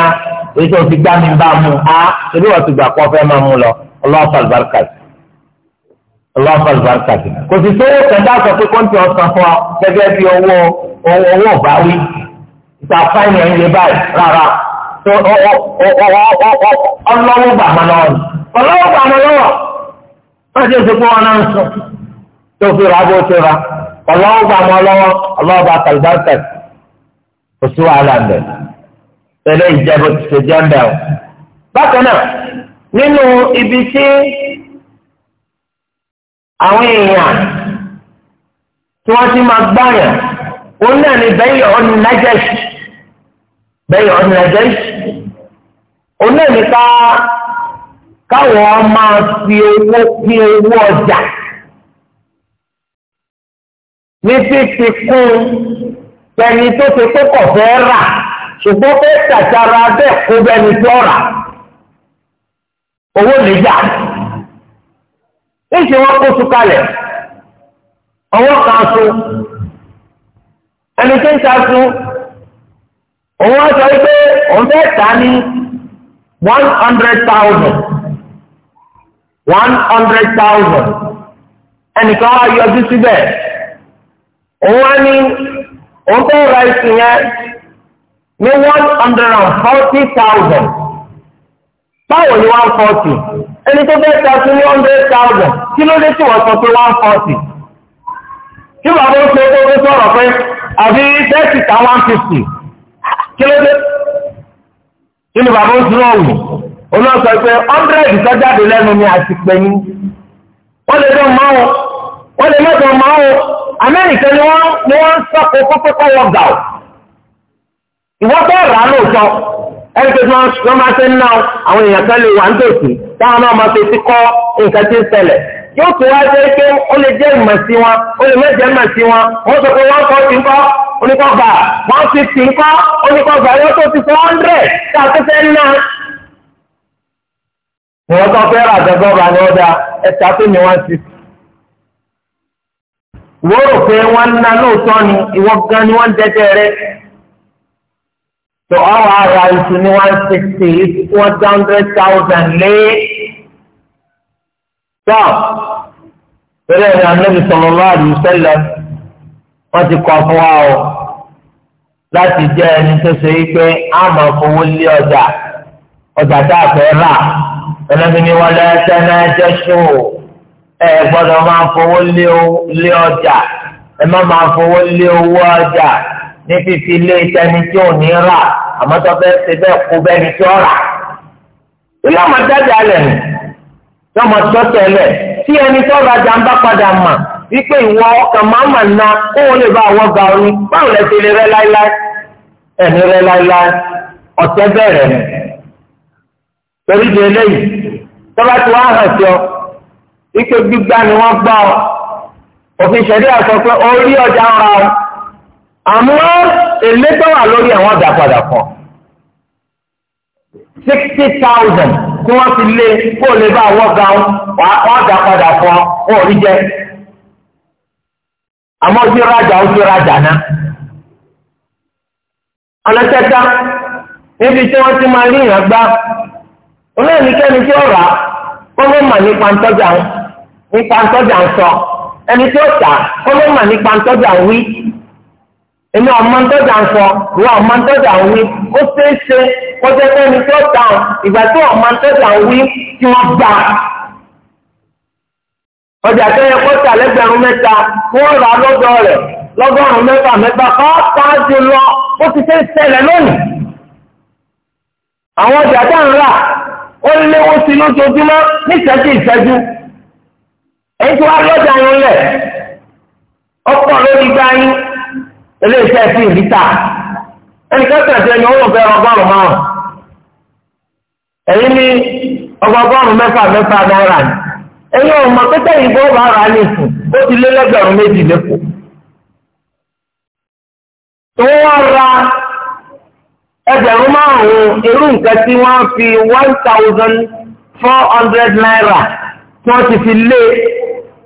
èyí tó ti gbá mi bá mu á ebi wọ́n ti gbà kọ́ fẹ́ máa mu lọ ọlọ́ọ̀fà àlùbáríkàtì ọlọ́ọ̀fà àlùbáríkàtì kò sì sówó kẹta sọ pé kọ́ńtì ọ̀sán fún ọ gẹ́gẹ́ bí owó owó ìbáwí ìta fáìnì ẹ̀ ń lé báyìí rárá ọlọ́wọ́ gbàmọ́ lọ́wọ́ ọlọ́wọ́ gbàmọ́ lọ́wọ́ wọ́n ti pé wọ́n náà ń sùn tó fi rà bó ti rà ọlọ́wọ́ gbàmọ́ lọ́wọ́ ọlọ́wọ́ bá kàlùbáríkàtì kò sí wàhálà ń bẹ̀rẹ̀ pẹ̀lú ìjábọ̀ ti ṣe jẹ́ńdà o. bákan náà nínú ibi tí àwọn èèyàn tí wọ́n ti máa gbáyàn òun náà ni bẹ́ẹ̀ ọ̀nà nàjẹ́sì bẹ́ẹ̀ ọ̀nà nàjẹ́sì òun náà ni ká káwọn máa fi owó fi owó ọjà ní fífi kún tẹni tó ti kókò fẹ́ rà ṣùgbọ́n fẹ́ tàjára bẹ́ẹ̀ kó bẹ́ni tí ó rà owó níjà níṣẹ́ wọn kó sùn kalẹ̀ ọwọ́ kan sùn ẹni tí ń ta sùn òun á sọ pé òun fẹ́ tà ní one hundred thousand one hundred thousand ẹnìkan á yọjú síbẹ̀ òun á ní òun fẹ́ ra ìsìn yẹn ní one hundred and forty thousand báwo ni one forty ẹni tó bẹ́ẹ̀ ta sí ní hundred thousand kí ló dé tí wọ́n sọ pé one forty kí bàbá ó ṣe kókó sọ̀rọ̀ pé àbí thirty ta one fifty kí ló dé kí ni bàbá ó ṣe náà wù olóòsọ pé hundred sọ́jáde lẹ́nu ni àti pẹ̀yìn wọ́n lè dán máa wọ́n lè mẹ́tọ̀ máa wọ́n amẹ́ríkà ni wọ́n ń sọ́kò kókó kọ́ wọ́n ìwọ tó rà á lóòótọ́ ẹni tó tí wọ́n máa ṣe ń ná àwọn èèyàn kan lè wà nítòsí táwọn náà máa fi kọ́ nǹkan tí ń ṣẹlẹ̀ yóò tún wá jẹ́ pé ó lè jẹ́ ìmọ̀ sí wọn ó lè mẹ́jẹ̀ ìmọ̀ sí wọn wọ́n sọ pé wọ́n kọ́ ti oníkọ́gbà wọ́n ti ti oníkọ́gbà yóò tó ti fọ́ tí a fẹ́ ná. tó fẹ́ rà ni tó ní wọ́n ti. rò pé wọ́n ń lóòótọ́ ni gan ni wọ́n ń tó ọwọ́ ara iṣu ní one sixty one hundred thousand lé tó torí ẹ̀rọ anábì sọ̀rọ̀ láàrin sẹ́lẹ̀ wọ́n ti kọ́ fún wa o láti jẹ́ ẹni tó ṣe é pé a máa fowó lé ọjà ọjà tá a fẹ́ rà ẹlẹ́bi ni wọ́n lẹ́ sẹ́nà ẹjẹ́ ṣó ẹ gbọ́dọ̀ máa fowó lé ọjà ẹ má máa fowó lé owó ọjà. ní fífi lé tí ò ní rà àmọ́ tó fẹ́ ṣe bẹ́ẹ̀ kó bẹ́ẹ̀ ni tí ó rà. ilé ọmọ tí ọmọ tó tẹ̀lẹ̀ tí ẹni tó rajà ń bá padà mà wípé ìwọ ọkàn máa mà ná kó wọn lè bá àwọn ga báwo lẹ ti lè rẹ ẹni ọ wípé gbígbá ni wọ́n gbá ọ àmọ́ èlé tó wà lórí àwọn ọ̀dà padà sixty thousand kí wọ́n ti lé kó lè bá wọ́n ga wọ́n ọ̀dà padà wọ́n rí jẹ́ àmọ́ ojú rajà ojú rajà náà níbi tí wọ́n ti máa rí ìyàn gbá olóòníkẹ́ni tí ó rà á kó ló mà èmi ọmọ ntọ́jà ń sọ ìwọ ọmọ ntọ́jà ń wí ó ṣeé ṣe kọjá sẹ́ni tó dáhùn ìgbà tí ọmọ ntọ́jà ń wí tí wọ́n gbà. ọjà kẹyẹ kọta lẹ́gbẹ̀rún mẹ́ta wọ́n rà lọ́dọ̀ rẹ̀ lọ́gọ́rùn-ún mẹ́fà mẹ́fà pàápàá ti lọ ó ti ṣe ṣẹlẹ̀ lónìí. àwọn ọjà tá ń rà ó léwó sí lójoojúmọ́ ní ìṣẹ́jú ìṣẹ́jú èyí tí wọ́n lọ́jà yẹn lẹ̀ ọ̀pọ̀ lórí gbáyìn eléyìí tẹ́ sí ìdíta ẹnìkan tẹ̀sí ẹni ó lò fẹ́ ọgọ́rùn-ún márùn ẹ̀yin ní ọgọgọ́rùn-ún mẹ́fà mẹ́fà náírà ni ẹ̀yin ò mọ̀ pẹ́tẹ́ ìbò bá rà á nìsín ó ti lé lẹ́gbẹ̀rún méjì lẹ́kọ̀ọ́ tí wọ́n ra ẹgbẹ̀rún márùn-ún irú nǹkan tí wọ́n fi one thousand four hundred naira tí wọ́n ti fi lé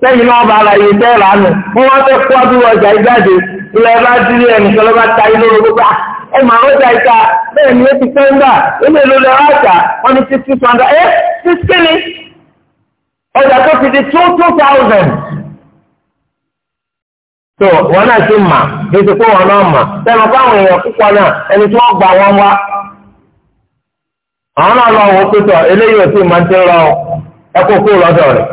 lẹ́yìn náà bá ara yìí tẹ́ lánàá wọ́n wá fẹ́ kó abúlé ọjà yìí jáde ilẹ̀ bá dílé ẹnìkan ló bá ta yìí lóru gbogbo ẹ mà ọjà ìta bẹ́ẹ̀ ni ó ti pẹ́ ńgbà ilé ìlú lọ́wọ́ àjà wọ́n ní six six hundred ẹ six kìíní ọjà tó ti di two two thousand. tó wọn náà ti mà ètò pé wọn náà mà sẹ́nu káwọn èèyàn púpọ̀ náà ẹni tí wọ́n gbà wọn wá. àwọn náà lọ wọ́n pé tọ̀ eléyìí ò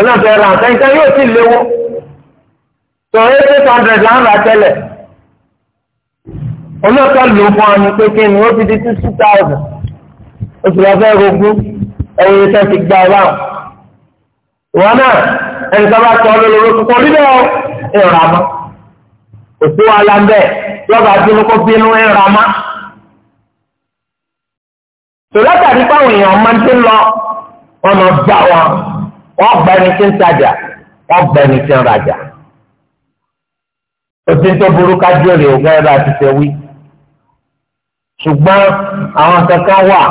ọlọ́ọ̀fẹ́ ra nǹkan nǹkan yóò sì léwó tó eight hundred là ń ra tẹ́lẹ̀ ọlọ́ọ̀fẹ́ lò fún ọyàn pé kí ni ó ti di two thousand oṣù lọ́fẹ́ rogún ẹ̀yìn iṣẹ́ ti gba ọlá ìwọ náà ẹnì kan bá tọ́ lólobó tuntun rí bẹ́ẹ̀ ìrà mọ́ òṣù wa la ń bẹ̀ lọ́ba bínú kó bínú ìrà mọ́ tòlátàdí báwọn èèyàn máa ń ti lọ wọn máa bá wọn wọ́n gba ẹni tí ń tajà wọ́n gba ẹni tí ń rajà òsì tó burú kájú èrè ògùn ẹ̀rọ àti tẹ̀wí ṣùgbọ́n àwọn kankan wà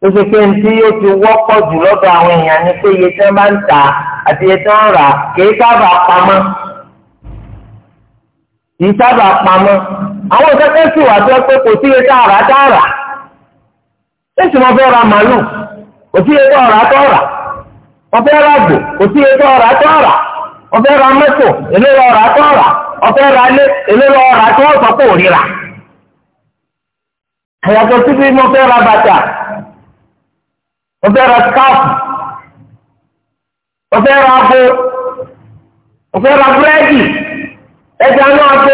tó ṣe pé tí yóò ti wọ́pọ̀ jù lọ́dọ̀ àwọn èèyàn ni pé iye tí wọ́n bá ń tà àti iye tí wọ́n rà kìí sábà pamọ́ kìí sábà pamọ́ àwọn kankan sì wà tó pé kò sí iye tá a rà tá a rà èsì wọn fẹ́ ra màálù kò sí iye tó ọ̀rà tó ọ̀rà. ọfẹ́ ra gbò òtí ètò ọ̀rà tó ọ̀rà ọfẹ́ ra mẹ́tò eléyà ọ̀rà tó ọ̀rà ọfẹ́ ra lé eléyà ọ̀rà tó ọ̀sọ̀ kò ríra. àyàtọ̀ síbi mo fẹ́ ra bàtà mo fẹ́ ra skáàpù mo fẹ́ ra abo mo fẹ́ ra búrẹ́dì ẹja náà ṣé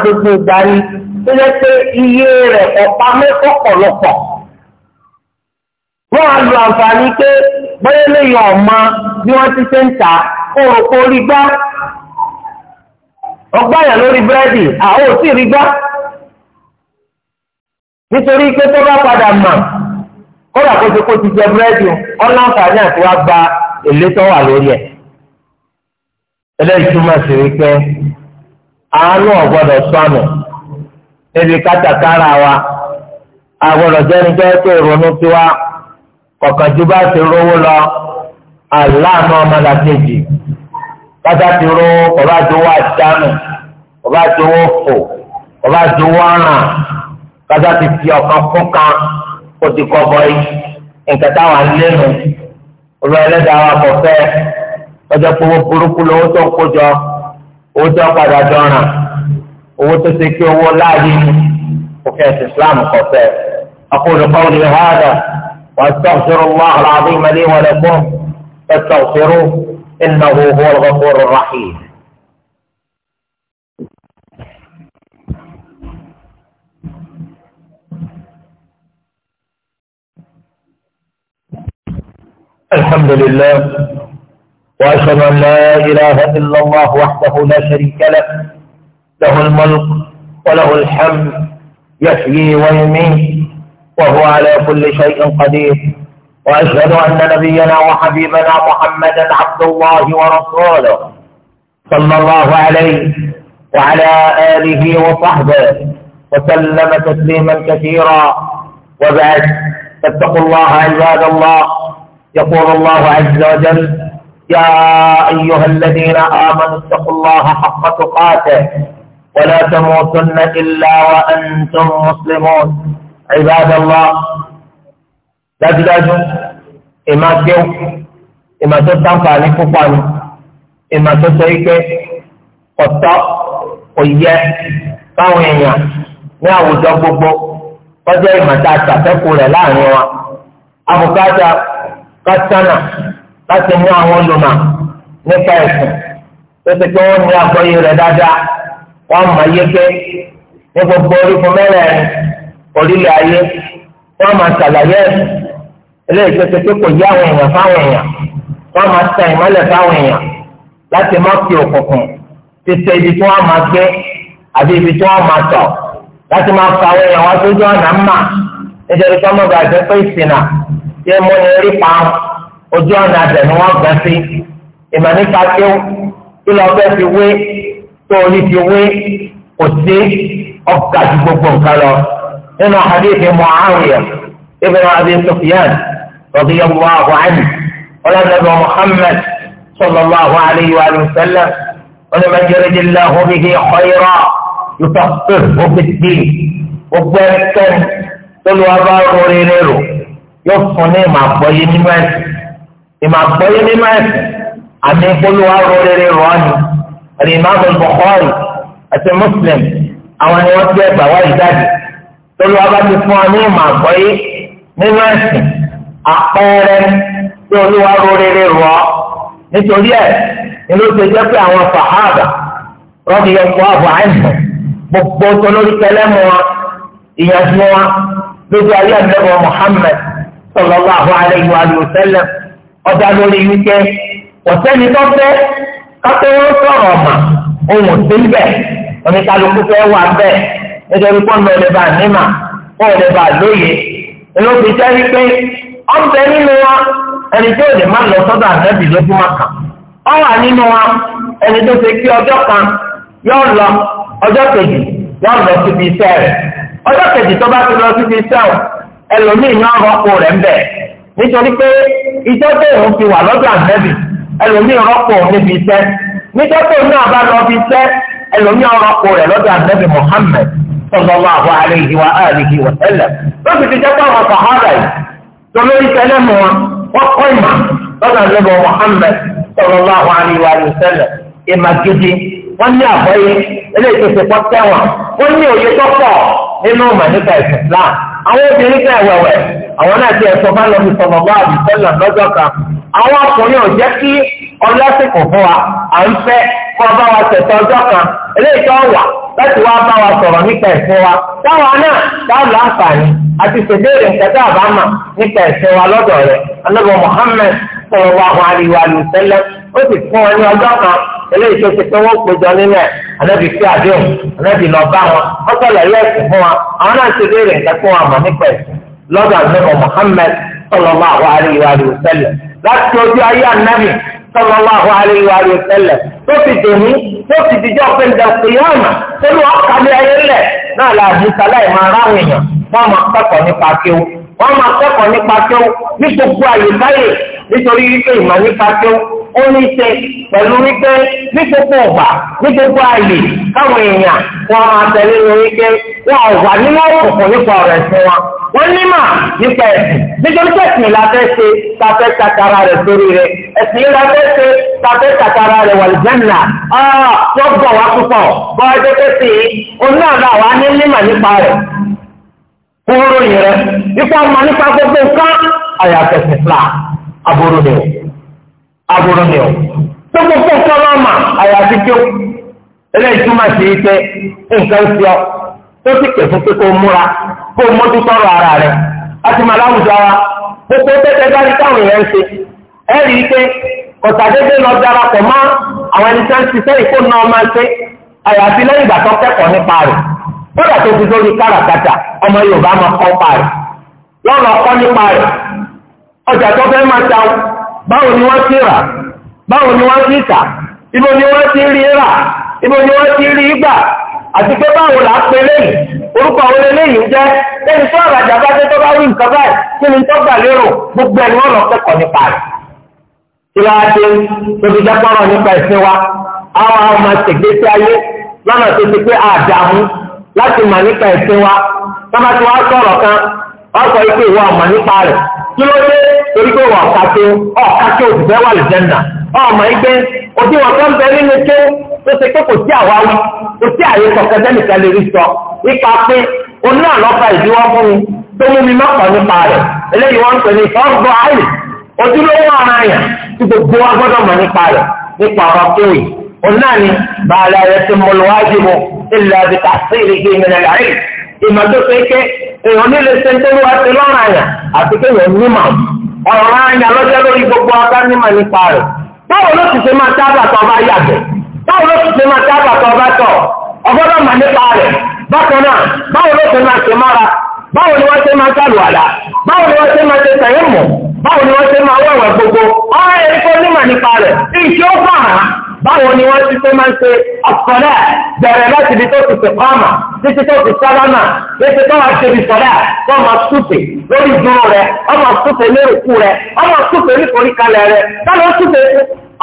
gbogbo tó yẹ pé iye rẹ̀ ọ̀pá mẹ́fọ́ pọ̀lọpọ̀. wọ́n á lo àǹfààní pé bóyá lẹ́yìn ọ̀ma bí wọ́n ti ṣe ń tà kórókó rí gbá ọgbà yẹn lórí búrẹ́dì àwọn ò sì nítorí pé tó bá mọ̀ kódà ti jẹ búrẹ́dì ọ̀nà àǹfààní àti wá gba èlé tó wà lórí ẹ̀ túmọ̀ sí wípé níbi kátàkárà wa àgbọ̀dọ̀ jẹ́ni jẹ́ pé ìrònú tiwa kọ̀ọ̀kan ju bá ti rówó lọ aláàánú ọmọlàkejì kátà ti rówó kọ̀ọ̀bá ti wá àdánù kọ̀ọ̀bá ti wó fò kọ̀ọ̀bá ti wó ọ̀ràn kátà ti fi ọ̀kan fún kan kó ti kọ́ yìí nǹkan táwa lẹ́nu olú ẹlẹ́dàá wa kò fẹ́ ọjọ́ pé burúkú lówó tó ń kó jọ owó tó ń padà dọ́ràn. owó tó ṣe pé owó láàyè ni òfin ẹ̀sìn islam kọ̀ fẹ́. أقول قولي هذا وأستغفر الله العظيم لي ولكم فاستغفروه إنه هو الغفور الرحيم الحمد لله وأشهد أن لا إله إلا الله وحده لا شريك له له الملك وله الحمد يحيي ويميت وهو على كل شيء قدير وأشهد أن نبينا وحبيبنا محمدا عبد الله ورسوله صلى الله عليه وعلى آله وصحبه وسلم تسليما كثيرا وبعد فاتقوا الله عباد الله يقول الله عز وجل يا أيها الذين آمنوا اتقوا الله حق تقاته ولا تموتن إلا وأنتم مسلمون عباد الله dájúdájú ìmọ̀ akéwù ìmọ̀ tó sàǹfààní púpọ̀ ni ìmọ̀ tó sọ ike ọ̀tọ̀ òyẹ fáwọn èèyàn ní àwùjọ gbogbo kọjá ìmọ̀ tá a ṣàfẹ́kù rẹ̀ láàrin wa abùkátà kátánà láti ní àwọn olùmọ̀ nípa ẹ̀sìn tó ti pé wọ́n ní àgbọ́yé rẹ̀ dáadáa wọ́n máa yẹ́gẹ́ ní gbogbo orígun mẹ́rẹ̀ẹ̀rin orílẹ̀ ayé wọ́n máa ṣàlàyé ẹ̀sìn eléyìí tó ṣe pé kò yá àwọn èèyàn fáwọn èèyàn wọ́n máa ta ìmọ́lẹ̀ fáwọn èèyàn láti má fi òkùnkùn títẹ ibi tí wọ́n máa gbé àbí ibi tí wọ́n máa tọ̀ láti máa fa àwọn èèyàn wá sójú ọ̀nà mà nítorí pé ọmọdé àti pé ìsìnà tí ó múni rí pa ojú ọ̀nà àbẹ̀ ni wọ́n gbẹ sí ìmọ̀ nípa tí ó kí lọ́ọ́ fẹ́ fi wé tó o ní ti wé kò sí ọgbà ju gbogbo nǹkan lọ nínú hadithi muawiya ibn abi sufyan radiyallahu anhu ọlọ́dọ̀dọ̀ muhammad sallallahu alayhi wa sallam onímọ̀jẹ̀rẹ̀dẹ̀láhu bihi khayra yutafẹ́ òfìdí gbogbo ẹnikẹ́ni tó lu ọba orí rírò yóò fún ní ìmọ̀ àgbọ́yé nínú ẹ̀sìn ìmọ̀ àgbọ́yé nínú ẹ̀sìn àmì ìpolówó orí rírò ọ̀nì alimami Bukhari àti Muslim àwọn ni wọ́n ti ẹgbà wáyé jáde tolu wa bá ti fún wa ní ìmọ̀ àgbọ̀ yìí nínú ẹ̀sìn àpẹẹrẹ tí olúwa ro rere rọ nítorí ẹ̀ ni ló ṣe jẹ́ pé àwọn fàhádà rọ́bì yẹn kó àbọ̀ àìsàn gbogbo tolórí tẹlẹ́mu wa ìyànjú wa lójú ayé àdébọ̀ Muhammad sallallahu alaihi wa sallam ọjà lórí wíkẹ́ ọ̀sẹ́ni tó fẹ́. kátó wọn sọ̀rọ̀ ohun fẹ́ wà bẹ́ẹ̀ nítorí pé ọmọ ọlẹba nímà fún ọlẹba lóye ló fi jẹ wípé nínú wa ẹni tó lè má ọ wà nínú wa ẹni tó kí ọjọ́ kan lọ ọjọ́ kejì lọ síbi iṣẹ́ rẹ̀ ọjọ́ kejì tó bá ti lọ síbi iṣẹ́ ẹlòmíì ọ̀rọ̀ rẹ̀ ń nítorí pé ẹlòmíì rọ́pò níbi iṣẹ́ nítorí náà bá lọ bí iṣẹ́ ẹlòmíì rọ́pò rẹ̀ lọ́dọ̀ ànábì Muhammad sallallahu alayhi wa alihi wa sallam lọ́sì ti jẹ́ pé àwọn sàhárà yìí tolórí tẹ́lẹ̀ mọ́ wọn wọ́n kọ́ ìmọ̀ lọ́dọ̀ ànábì Muhammad sallallahu alayhi wa sallam ìmọ̀ gidi wọ́n ní àbọ̀yé eléyìí ti pọ́ tẹ́wọ̀n wọ́n ní òye tó pọ̀ nínú mọ̀ nípa ìsìláàmù àwọn obìnrin náà wẹ̀wẹ̀ àwọn náà ti ẹ̀sọ́ máa lọ sí sọ̀rọ̀ bá àbísẹ́lẹ̀ lọ́jọ́ kan àwọn ọkùnrin ò jẹ́ kí ọlọ́sìnkò fún wa à ń fẹ́ kọ́ bá wa ṣẹ̀tọ́ ọjọ́ kan eléyìí tó wà láti wá bá wa sọ̀rọ̀ nípa ẹ̀sìn wa táwa náà táwọn láǹfààní àti ṣèbéèrè nkẹtẹ àbámà nípa ẹ̀sìn wa lọ́dọ̀ rẹ̀ anábọ Muhammad sallallahu alaihi wa sallam ó sì fún wọn ní ọjọ́ kan eléyìí tó ti pé wọ́n péjọ nínú ẹ̀ anábì fi àdéhùn anábì lọ bá wọn wọ́n sọ̀rọ̀ yẹ ẹ̀sìn fún wa àwọn náà ṣèbéèrè nkẹtẹ wọn wa sallam láti ojú sallallahu alayhi wa sallam tó fi dèmí tó fi dìjọ́ pẹ̀lú ìyáàmà pẹ̀lú ọ̀kadì ayé lẹ̀ náà la àbí sáláì máa ráhùn èèyàn wọ́n máa kẹ́kọ̀ọ́ nípa kéwú wọ́n máa kẹ́kọ̀ọ́ nípa kéwú ní gbogbo àyè báyè nítorí wípé ìmọ̀ nípa kéwú ó ní ṣe pẹ̀lú wípé ní gbogbo ọ̀gbà ní gbogbo àyè káwọn èèyàn wọ́n máa tẹ̀lé wípé wọn ò nínú òkùnkùn nípa ọ̀rẹ́ sí wọn wọ́n ní mà nípa ẹ̀sìn nítorí tẹ̀sìn la fẹ́ ṣe ta fẹ́ takara rẹ̀ sórí rẹ̀ ẹ̀sìn la fẹ́ ṣe ta fẹ́ takara rẹ̀ wà lẹ́nà tó bọ̀ wá púpọ̀ bọ́ ẹjọ́ tẹ̀sìn òun náà bá wà ní nímà nípa rẹ̀ kúrò yìí rẹ̀ nípa ọmọ nípa gbogbo nǹkan àyàfẹ̀sìn fúlà aburú ni o aburú ni o tó gbogbo nǹkan lọ́mà àyàfi tó eléyìí túmọ̀ sí ike nǹkan ń fi ọ tó sì pè fún pé kó múra kó mójú ara rẹ a ti máa láwùjọ wa gbogbo tẹ́tẹ́ dárí táwọn èèyàn ń ṣe ẹ rí i pé ọ̀tàdédé lọ darapọ̀ mọ́ àwọn ẹni tí wọ́n ti ṣe àyàfi lẹ́yìn ìgbà tó kẹ́kọ̀ọ́ nípa ọjà tó fẹ́ máa ta báwo ni wọ́n ti rà báwo ni àti pé báwo là á pe léyìí orúkọ àwọn eléyìí ń jẹ́ lẹ́yìn tó àràjà bá dé tó bá rí nǹkan báyìí kí ni tó gbà lérò gbogbo ẹni wọn lọ kẹ́kọ̀ọ́ nípa rẹ̀. kí ló á ṣe tóbi jápọ̀rọ̀ nípa ìsìn wa àwọn àwọn máa ṣègbésí ayé lọ́nà tó ti pé àdàmú láti mà nípa ìsìn wa tọ́ba tí wọ́n sọ̀rọ̀ kan wọ́n sọ pé ìwọ àmà nípa rẹ̀ kí ló dé torí pé wọ́n ọ̀ka ọmọ igbe òtí wọn kọ́ ń bẹ nínú tó tó ṣe pé kò sí àwáwí kò sí àyè kọ̀ọ̀kan tẹ́nìkan lè rí sọ ipa pé oní àlọ́fà ìdíwọ́ fún mi tó mú mi mọ́kàn nípa rẹ̀ eléyìí wọ́n ń pè ní ìfọ́nbọ àyè ojúlówó ara yẹn tí gbogbo wa gbọ́dọ̀ mọ̀ nípa rẹ̀ nípa ọ̀rọ̀ kéwì òun náà ni bàálẹ̀ rẹ̀ ti mọ̀ lọ́wájú mu ilẹ̀ àti tàṣí ìrìgì ìmìnira rẹ̀ ìmọ̀ tó èèyàn nílé sẹ́ńtẹ́rù wa ti lọ́rọ̀ àyà àti kéèyàn nímọ̀ ọ̀rọ̀ àyà lọ́jọ́ lórí gbogbo agbá nímọ̀ nípa rẹ̀ báwo ló ti ṣe máa tábà tó ọba yàgbẹ́ báwo ló ti ṣe máa tábà tó ọba tọ̀ ọgbọ́dọ̀ mà nípa rẹ̀ bákan náà báwo ló ti máa ṣe mára báwo ni wọ́n ṣe máa ṣàlùwàlà báwo ni wọ́n ṣe máa ṣe tẹ̀yìn mọ̀ báwo ni wọ́n ṣe máa wẹ̀wẹ̀ gbogbo ọ̀rẹ́ ẹ̀rí kó nímọ̀ nípa rẹ̀ ìṣó fà á báwo ni wọ́n ti tó máa ń ṣe ọ̀sọ̀lẹ̀ bẹ̀rẹ̀ láti ibi tó ti fẹ̀ pàmà títí tó ti sálámà títí tó wàá ṣe ibi sọ̀lẹ̀ tó máa súfè lórí ìdúró rẹ̀ wọ́n máa súfè lérúkú rẹ̀ wọ́n máa súfè nítorí kalẹ̀ rẹ̀ táwọn súfè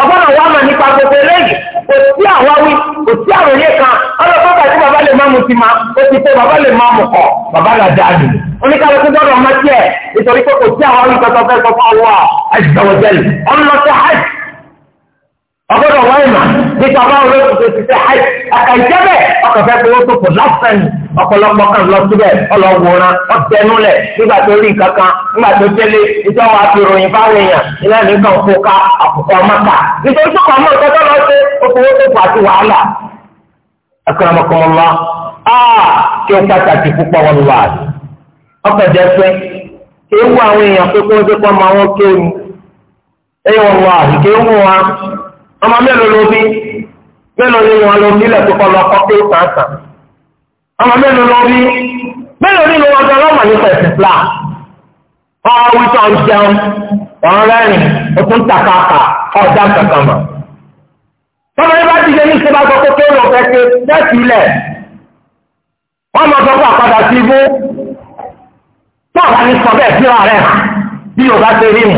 ọgbọ́n wa máa nípa gbogbo eléyìí kò sí àwáwí kò sí àròyé kan ọlọ́pàá kàtí bàbá lè máa mu ti ma ó ti pé bàbá lè máa mu kọ bàbá là dáa nù oníkàlùkù gbọ́dọ̀ máa tiẹ̀ nítorí pé kò sí àwáwí kọ́tọ́ fẹ́ sọ fún ọwọ́ àjùbọ̀wọ̀jẹ̀lì ọ̀nà tó hajj ọgbọ́dọ̀ wọ ìmọ̀ nípa báwo ló ti ṣiṣẹ́ àì àkàìjẹ́ bẹ́ẹ̀ ọkàn fẹ́ kówó tó kù lásán ọ̀pọ̀lọpọ̀ kan lọ síbẹ̀ ọlọ́wọ́ran ọ̀tẹnulẹ̀ nígbà tó rí kankan nígbà tó tẹ́lẹ̀ ìjọ wa fi ròyìn báwọn èèyàn iná nìkan kó ká àkùkọ mọ́ta nítorí tó kọ́ mọ́ ìtọ́jọ́ lọ sí okòwò tó kù àti wàhálà. akramakumullah aa ah, kí o pàtàkì púpọ̀ wọn lọ àdé ọkọ̀ jẹ́ pé ewu àwọn èèyàn pé kó ń dé ọmọ mélòó ló bí mélòó ni wọn ló bí lẹ́tọ́ kọ́ lọ́kọ́ pé ó kàn sàn ọmọ mélòó ló bí mélòó nínú wọn gan lọ́mọ nípa ẹ̀sìn fúlà ọ̀rọ̀ wíṣọ̀ ń jẹun ọ̀rọ̀ rẹ́rìn òtún takaka ọ̀dà kankan mọ̀ tọ́lá yẹn bá ti ṣe ní ìṣe bá sọ pé kí wọ́n fẹ́ ṣe tẹ́sí ilẹ̀ wọ́n máa sọ pé àpàdà sí ibú tọ́ọ̀bá ní sọ bẹ́ẹ̀ síra rẹ̀ bí Yorùbá ṣe rí nù.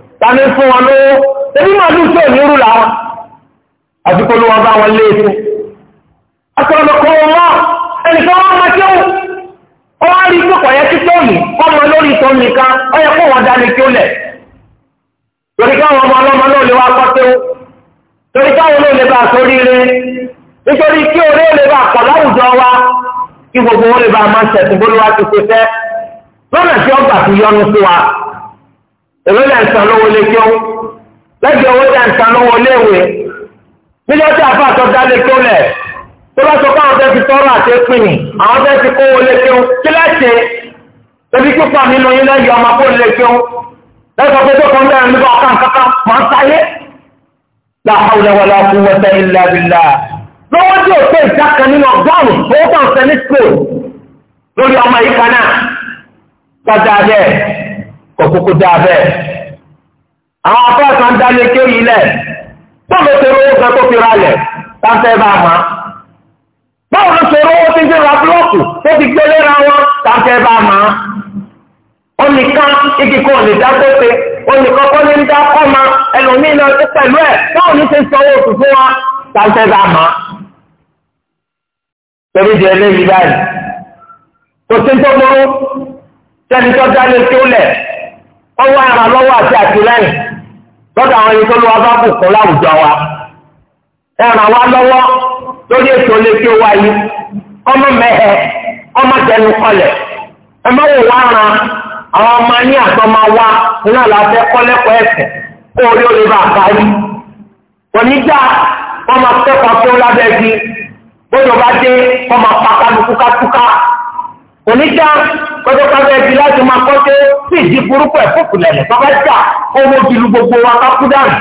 tani fún wọn lówó ebi màálù tí ò ní rú làwọn àti kó ló wọn bá wọn lé ètò akọ̀rọ̀kọ̀ wọn ẹnìkan wọn máa tó ó wá rí pé kọ̀yẹ́ tí tóòlù ọmọ lórí tó nìkan ó yẹ kó wọn dání kí ó lẹ̀ torí káwọn ọmọ ọlọ́mọ náà lè wá kọ́ tó torí káwọn náà lè bá a sórí rẹ nítorí kí orí lè bá a kọ̀ láwùjọ wa kí gbogbo wọn lè bá a máa ṣẹ̀sìn bó ló ti ṣe lọ́nà tí ọgbà fi yọnu sí wa èló lẹ́ ń san lówó lé kí ó lẹ́jọ́ owó lẹ́ ń san lówó léèwé níjọ́ tí àfa àtọ́já lé kí ó lẹ̀ tó bá sọ pé àwọn fẹ́ẹ́ fi tọrọ àti pinni àwọn fẹ́ẹ́ fi kówó lé kí ó kí lẹ́sẹ̀ ebi pípa nínú yín lẹ́yìn ọmọ kó lé kí ó lẹ́sọ̀ pé tó kàn bẹ́ẹ̀ nígbà ọ̀kan kankan mọ̀ ń sáyé la hawla wala quwwata illa billah lọ́wọ́ tí o pé ìjà nínú ọgọ́rùn-ún owó kan kọ̀kọ́kọ́ dáa bẹ́ẹ̀. àwọn afọ́ọ̀sán ń dálé kéyìí lẹ̀ báwo ló ṣe rówó kan tó fi ra lẹ̀ táńtẹ́ bá a mọ̀ báwo ló ṣe rówó tí ń ṣe ra búlọ́ọ̀kù tó fi gbélé ra wọn táńtẹ́ bá a mọ̀ ọnìkan igi kan lè dá gbèsè ọnìkan kọ́ ní dá kọ́ma ẹlòmíín náà ti pẹ̀lú ẹ̀ báwo ní ṣe sanwó oṣù fún wa táńtẹ́ bá a mọ̀ torí di ẹlẹ́yìí báyìí kò sí tó burú sẹ́ni tó dálé tó lẹ̀ ọwọ́ ara lọ́wọ́ àti àtìlẹ́yìn lọ́dọ̀ àwọn ẹni tó lọ́wọ́ bá bùkún láwùjọ wa ẹ ràn wá lọ́wọ́ lórí ètò létí owó ayé ọmọ mẹ́hẹ ọmọ tẹnu kọlẹ̀ ẹ má wò wá ran àwọn ọmọ ní àtọmọ wa náà la fẹ́ kọ́lẹ́kọ̀ọ́ kó orí ó bá òní tó lábẹ́ bí gbọ́dọ̀ bá dé kálukú kátúká. onídá kọjọpá bẹ́ẹ̀ di láti máa kọ́tẹ́ sí ìdí burúkú ẹ̀ fún kùlẹ̀lẹ̀ tó bá jà owó bìlú gbogbo wa ká kú dànù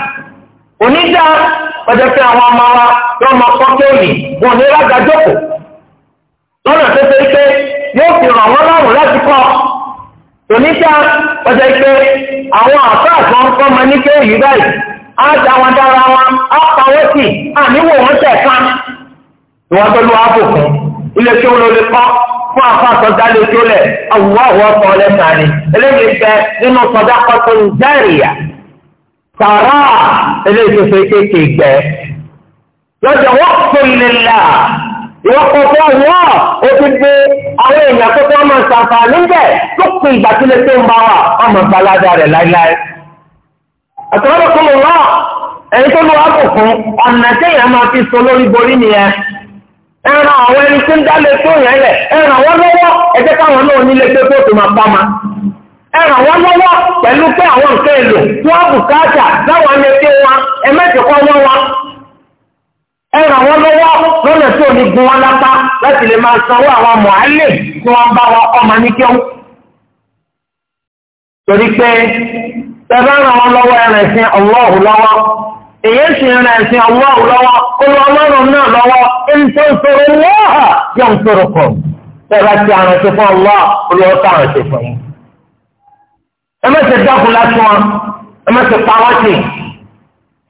onídá kọjọpá àwọn ọmọ wa yóò máa kọ́tẹ́ òní wọn ní lágàjọpọ̀ lọ́nà tó ṣe pé yóò fi ràn wọ́n lọ́rùn láti kọ́ onídá kọjọ pé àwọn àfẹ́ àfọ́n kọ́ máa ní kéèyí báyìí á da wọn dára wọn á pa wọ́n sí àníwò wọn tẹ̀ ká ìwọ́n tó lù wá ilé tí ó lò lè kọ́ fún afáàtọ̀ dálé tó lẹ̀ awùwáwọ̀ ọ̀tọ̀ lẹ́sàn-án ni eléyìí fẹ́ nínú sọdá kọ́tọ́ ní járíyà sàrà eléyìí tó fẹ́ kéèké gbẹ. lọ́jọ́ wọ́n tó lélà ìwọ́n kọ́ fún ọ̀wọ́ o ti gbé àwọn èèyàn tó fẹ́ máa ṣàǹfààní bẹ̀ tó kù ìgbà tí lè tó ń bá wa ọmọ balada rẹ̀ láíláí. àtàwọn ọkùnrin náà ẹni tó lọ́wọ́ ẹran àwọn ẹni tí ń dá lè tó yẹn lẹ ẹran wọn lọ́wọ́ ẹjẹ káwọn náà nílé pé kó tó máa bá ma ẹran wọn lọ́wọ́ pẹ̀lú pé àwọn nǹkan èlò tí wọn bùkátà láwọn ẹni tí wọn ẹmẹtìkọ wọn wá ẹran wọn lọ́wọ́ lọ́nà tí ò ní gun wọn lápá láti lè máa sanwó àwọn mọ̀álẹ̀ tí wọ́n bá wọn ọmọ ní kí torí pé tẹ bá ràn wọn ẹran èyí sì ń rìn ẹ̀sìn ọlọ́run lọ́wọ́ olùọlọ́run náà lọ́wọ́ ìṣòro wọ́ọ̀hà yóò ń sọ̀rọ̀ kọ̀ tẹ́lá ti àrùn ṣe fún ọlọ́ olùwọ́ tó àrùn ṣe fún yín. ẹ má ṣe dákun lásán wọn ẹ má ṣe pa wọ́n tì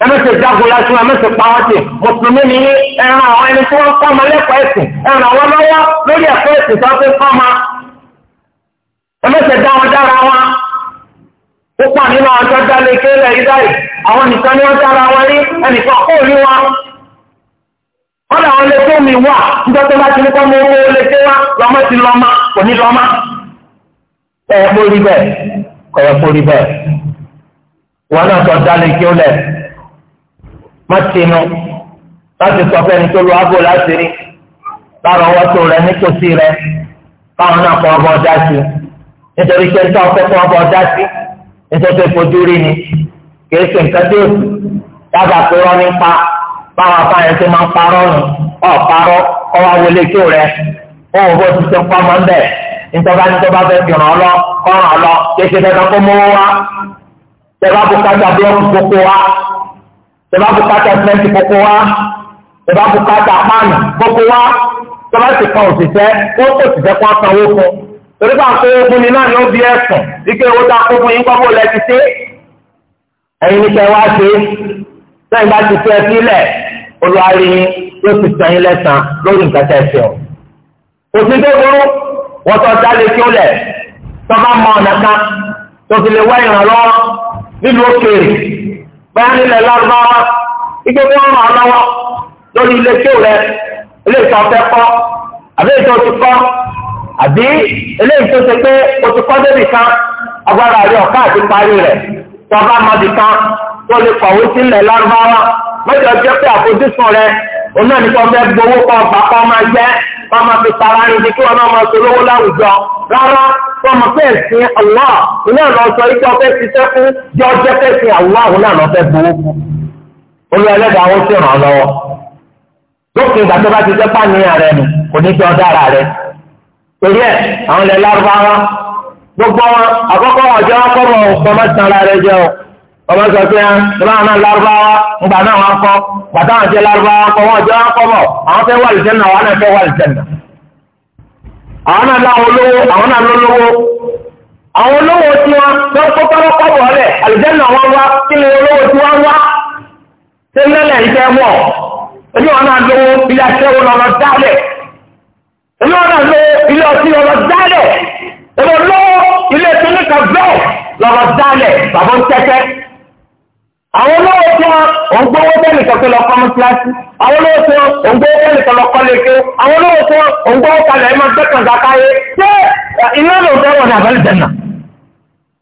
ẹ má ṣe dákun lásán ẹ má ṣe pa wọ́n tì mùsùlùmí ni ẹran àwọn ẹni tí wọ́n fọ́ọ̀mà lẹ́kọ̀ọ́ ẹ̀sìn ẹran àwọn lọ́wọ́ lórí ẹ̀kọ́ ẹ̀sìn púpọ̀ nínú ọjọ́ dálé kéré ìdá yìí àwọn nìkan ni wọ́n dára wọn rí ẹnìkan kó rí wa. wọ́n làwọn lè tó mi wà nígbà tó bá ti ní kọ́ mọ owó lè ké wá lọ́mọ ti lọ́mọ kò ní lọ́mọ. kọ̀yọ̀ kó rí bẹ́ẹ̀ kọ̀yọ̀ kó rí bẹ́ẹ̀. wọn náà tọ́ dálé kéré má tinú láti sọ fẹ́ni tó lu abo láti rí lára ọwọ́ tó rẹ nítòsí rẹ náà kọ́ ọ nítorí fojú rí ni kìí ṣe nǹkan tí òsì dábàá pé wọ́n ní pa báwọn afáyẹn ṣe máa ń parọ́ nù ọ̀ parọ́ kọ́ wá wọlé tó rẹ òun bó ti ṣe ń pamọ́ ń bẹ̀ nítorí ní tó bá fẹ́ fi ràn ọ́ lọ kọ́ ràn ọ́ lọ kìí dandan kó mówó wá tẹ̀bá bùkátà búlọ́ọ̀kì kókó wá tẹ̀bá bùkátà sẹ́ńtì kókó wá tẹ̀bá bùkátà pánì kókó wá tọ́lá ti kan òṣìṣẹ́ ó òṣìṣẹ́ kó torí pé àkó ogun ni náà ni ó bí ẹ̀sùn wípé owó tá a kó fún yín kọ́ bó lẹ ti ṣe ẹ̀yin ní kẹ́ wá ṣe lẹ́yìn bá ti fẹ́ sílẹ̀ olùwárí yín yóò ti sọ yín lẹ́sàn lórí nǹkan tẹ̀ ṣe o. kò sí tó burú wọ́n sọ dálé tó lẹ̀ tó bá mọ ọ̀nà kan tó fi lè wá ìrànlọ́wọ́ nílùú òkèèrè báyà nílẹ̀ lárúbáwá ike kí wọ́n ràn lọ́wọ́ lórí ilé tó rẹ ilé ìtọ́fẹ́ àbí eléyìí tó ṣe pé o ti kọ́ débi kan agbára rẹ ọ̀ká àti parí rẹ̀ tó bá mọbi kan tó lè kọ̀wé sílẹ̀ lárúbáwá mẹ́jọ jẹ́ pé àfojúsùn rẹ oná ní kò fẹ́ gbowó kọ́ ọgbà kọ́ máa jẹ́ kọ́ máa fi sara ní ibi kí wọn náà máa ṣolówó láwùjọ rárá kọ́ máa fẹ́ sin Allah iná lọ sọ ikú ọfẹ́ ṣiṣẹ́ fún jẹ́ ọjọ́ fẹ́ sin Allah òun náà lọ fẹ́ gbowó fún olú ẹlẹ́dàá ó sì ràn án lọ́wọ́ lókè ìgbà tó bá ti jẹ́ pàníyàn rẹ nù kò ní jọ dára rẹ torí ẹ àwọn ilẹ̀ lárúbáwá gbogbo wọn àkọ́kọ́ ọjọ́ kọ́rọ̀ ọmọ sanra rẹ jẹ o ọmọ sọ pé ah, ẹnlá náà lárúbáwá ńgbà náà wọn kọ́ bàtà wọn jẹ lárúbáwá kọ́ wọn ọjọ́ kọ́rọ̀ àwọn fẹ́ wà lìjẹ́nà àwọn náà fẹ́ wà lìjẹ́nà àwọn náà láwọn olówó àwọn náà lólówó àwọn olówó tí wọn tó kó kọ́rọ́ kọ́bọ̀ rẹ̀ àlìjẹ́nà wọn wá kí ni olówó tí wọn wá ṣé lẹ́lẹ̀ ìfẹ́ wọ̀ ojú wọn náà lówó ilé aṣẹ́wó lọ́nà ilé ọ̀nà ló ilé ọtí ọlọ dálẹ̀ ọlọ lọ́wọ́ ilé ìpínlẹ̀ bẹ́ẹ̀ lọ́wọ́ dálẹ̀ bàbá ń tẹ́tẹ́. àwọn olówó tí wọn òun gbówó bẹ́ẹ̀lì kan lọ kọ́ mọ́síláṣí àwọn olówó tí wọn òun gbówó bẹ́ẹ̀lì kan lọ kọ́ lẹ́kẹ́ àwọn olówó tí wọn òun gbówó kalẹ̀ ẹ̀ máa gbẹ́kàn kákáyé ṣé iná ló fẹ́ wọ̀ ní àbẹ́lẹ̀ dẹ̀nà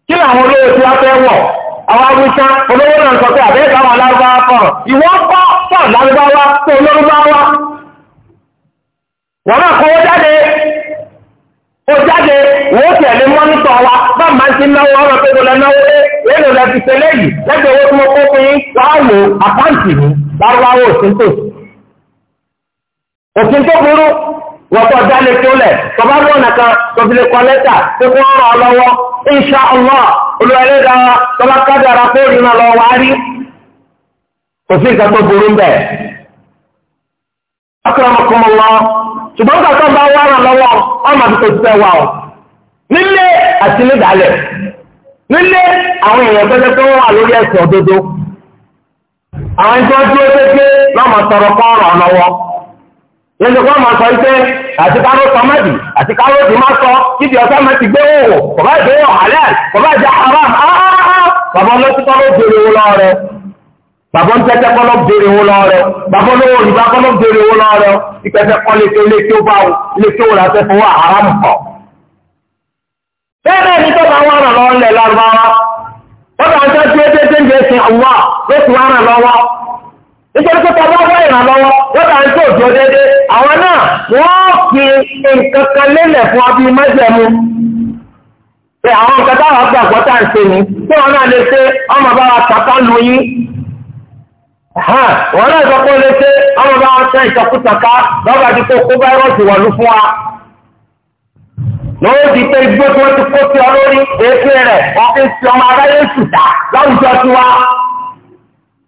kí làwọn olówó tí wọn fẹ́ wọ̀ wọ́n máa kọ́wọ́ jáde ó jáde wọ́n tẹ̀lé mọ́nítọ̀ wa bá máa ti náwó ọmọ tó gbọdọ̀ náwó lé lẹ́nu rẹ̀ ti tẹ̀lé yìí lẹ́gbẹ̀ẹ́ owó tí mo kó fún yín wàá wò àkáǹtì mi lárúbáwò òsíntò òsíntò burú wọ́pọ̀ jáde tó lẹ̀ tọ́ba mú ọ̀nà kan tóbi lè kọ́ lẹ́tà tó lọ́wọ́ insha allah tọ́ba kó rí lọ wá rí burú bẹ́ẹ̀. ṣùgbọ́n kàkà bá wà ràn lọ́wọ́ ọmọ àti kò tẹ wà o nílé àti nídàálẹ̀ nílé àwọn èèyàn pẹ́pẹ́ tó wà lórí ẹ̀sìn òdodo àwọn ẹni tó ń dúró pépé lọ́mọ tọrọ kọ́ ọ̀rọ̀ lọ́wọ́ yẹnni kó ọmọ sọ ife àti káró sọmọdì àti káró ti máa sọ kíbi ọ̀sẹ̀ máa ti gbé wò kò bá ìgbéwò halal kò ìjà haram bàbá ń tẹ́tẹ́ kọ́ ló ń béèrè wọn lọ́wọ́ rẹ bàbá lówó òrìbá kọ́ ló ń béèrè wọn lọ́wọ́ rẹ ìpẹ́tẹ́ kọ́ létí létí ó bá wò létí ó làásẹ̀ fún wa haram kọ́. bẹ́ẹ̀ ni tó máa ń wàrà lọ́wọ́ ńlẹ̀ lárúbáwá wọ́n máa ń tẹ́ tí ó tẹ́ tẹ́ ń jẹ́ sin àwùwá ló ti wàrà lọ́wọ́. nítorí pé tọ́lá wá ìrànlọ́wọ́ wọ́n máa ń tó òjò déédéé àwọn náà wọ́n fi nǹkan kan lélẹ̀ fún abí májẹ̀mú pé àwọn nǹkan táwọn gbàgbọ́ tá à ń ṣe ní tí wọn náà lè ṣe ọmọ bá wa tàpá lu wọn náà sọ pé léṣe ọmọ bá wọn tẹ ìtọkùtàká lọ́ba ti kó kó fáírọ́ọ̀sì wọ̀lú fún wa. lọ́wọ́ ti pé igbó tí wọ́n ti kó sí ọ lórí èéfé rẹ̀ wọ́n fi ti ọmọ aráyé sùdà láwùjọ tí wa.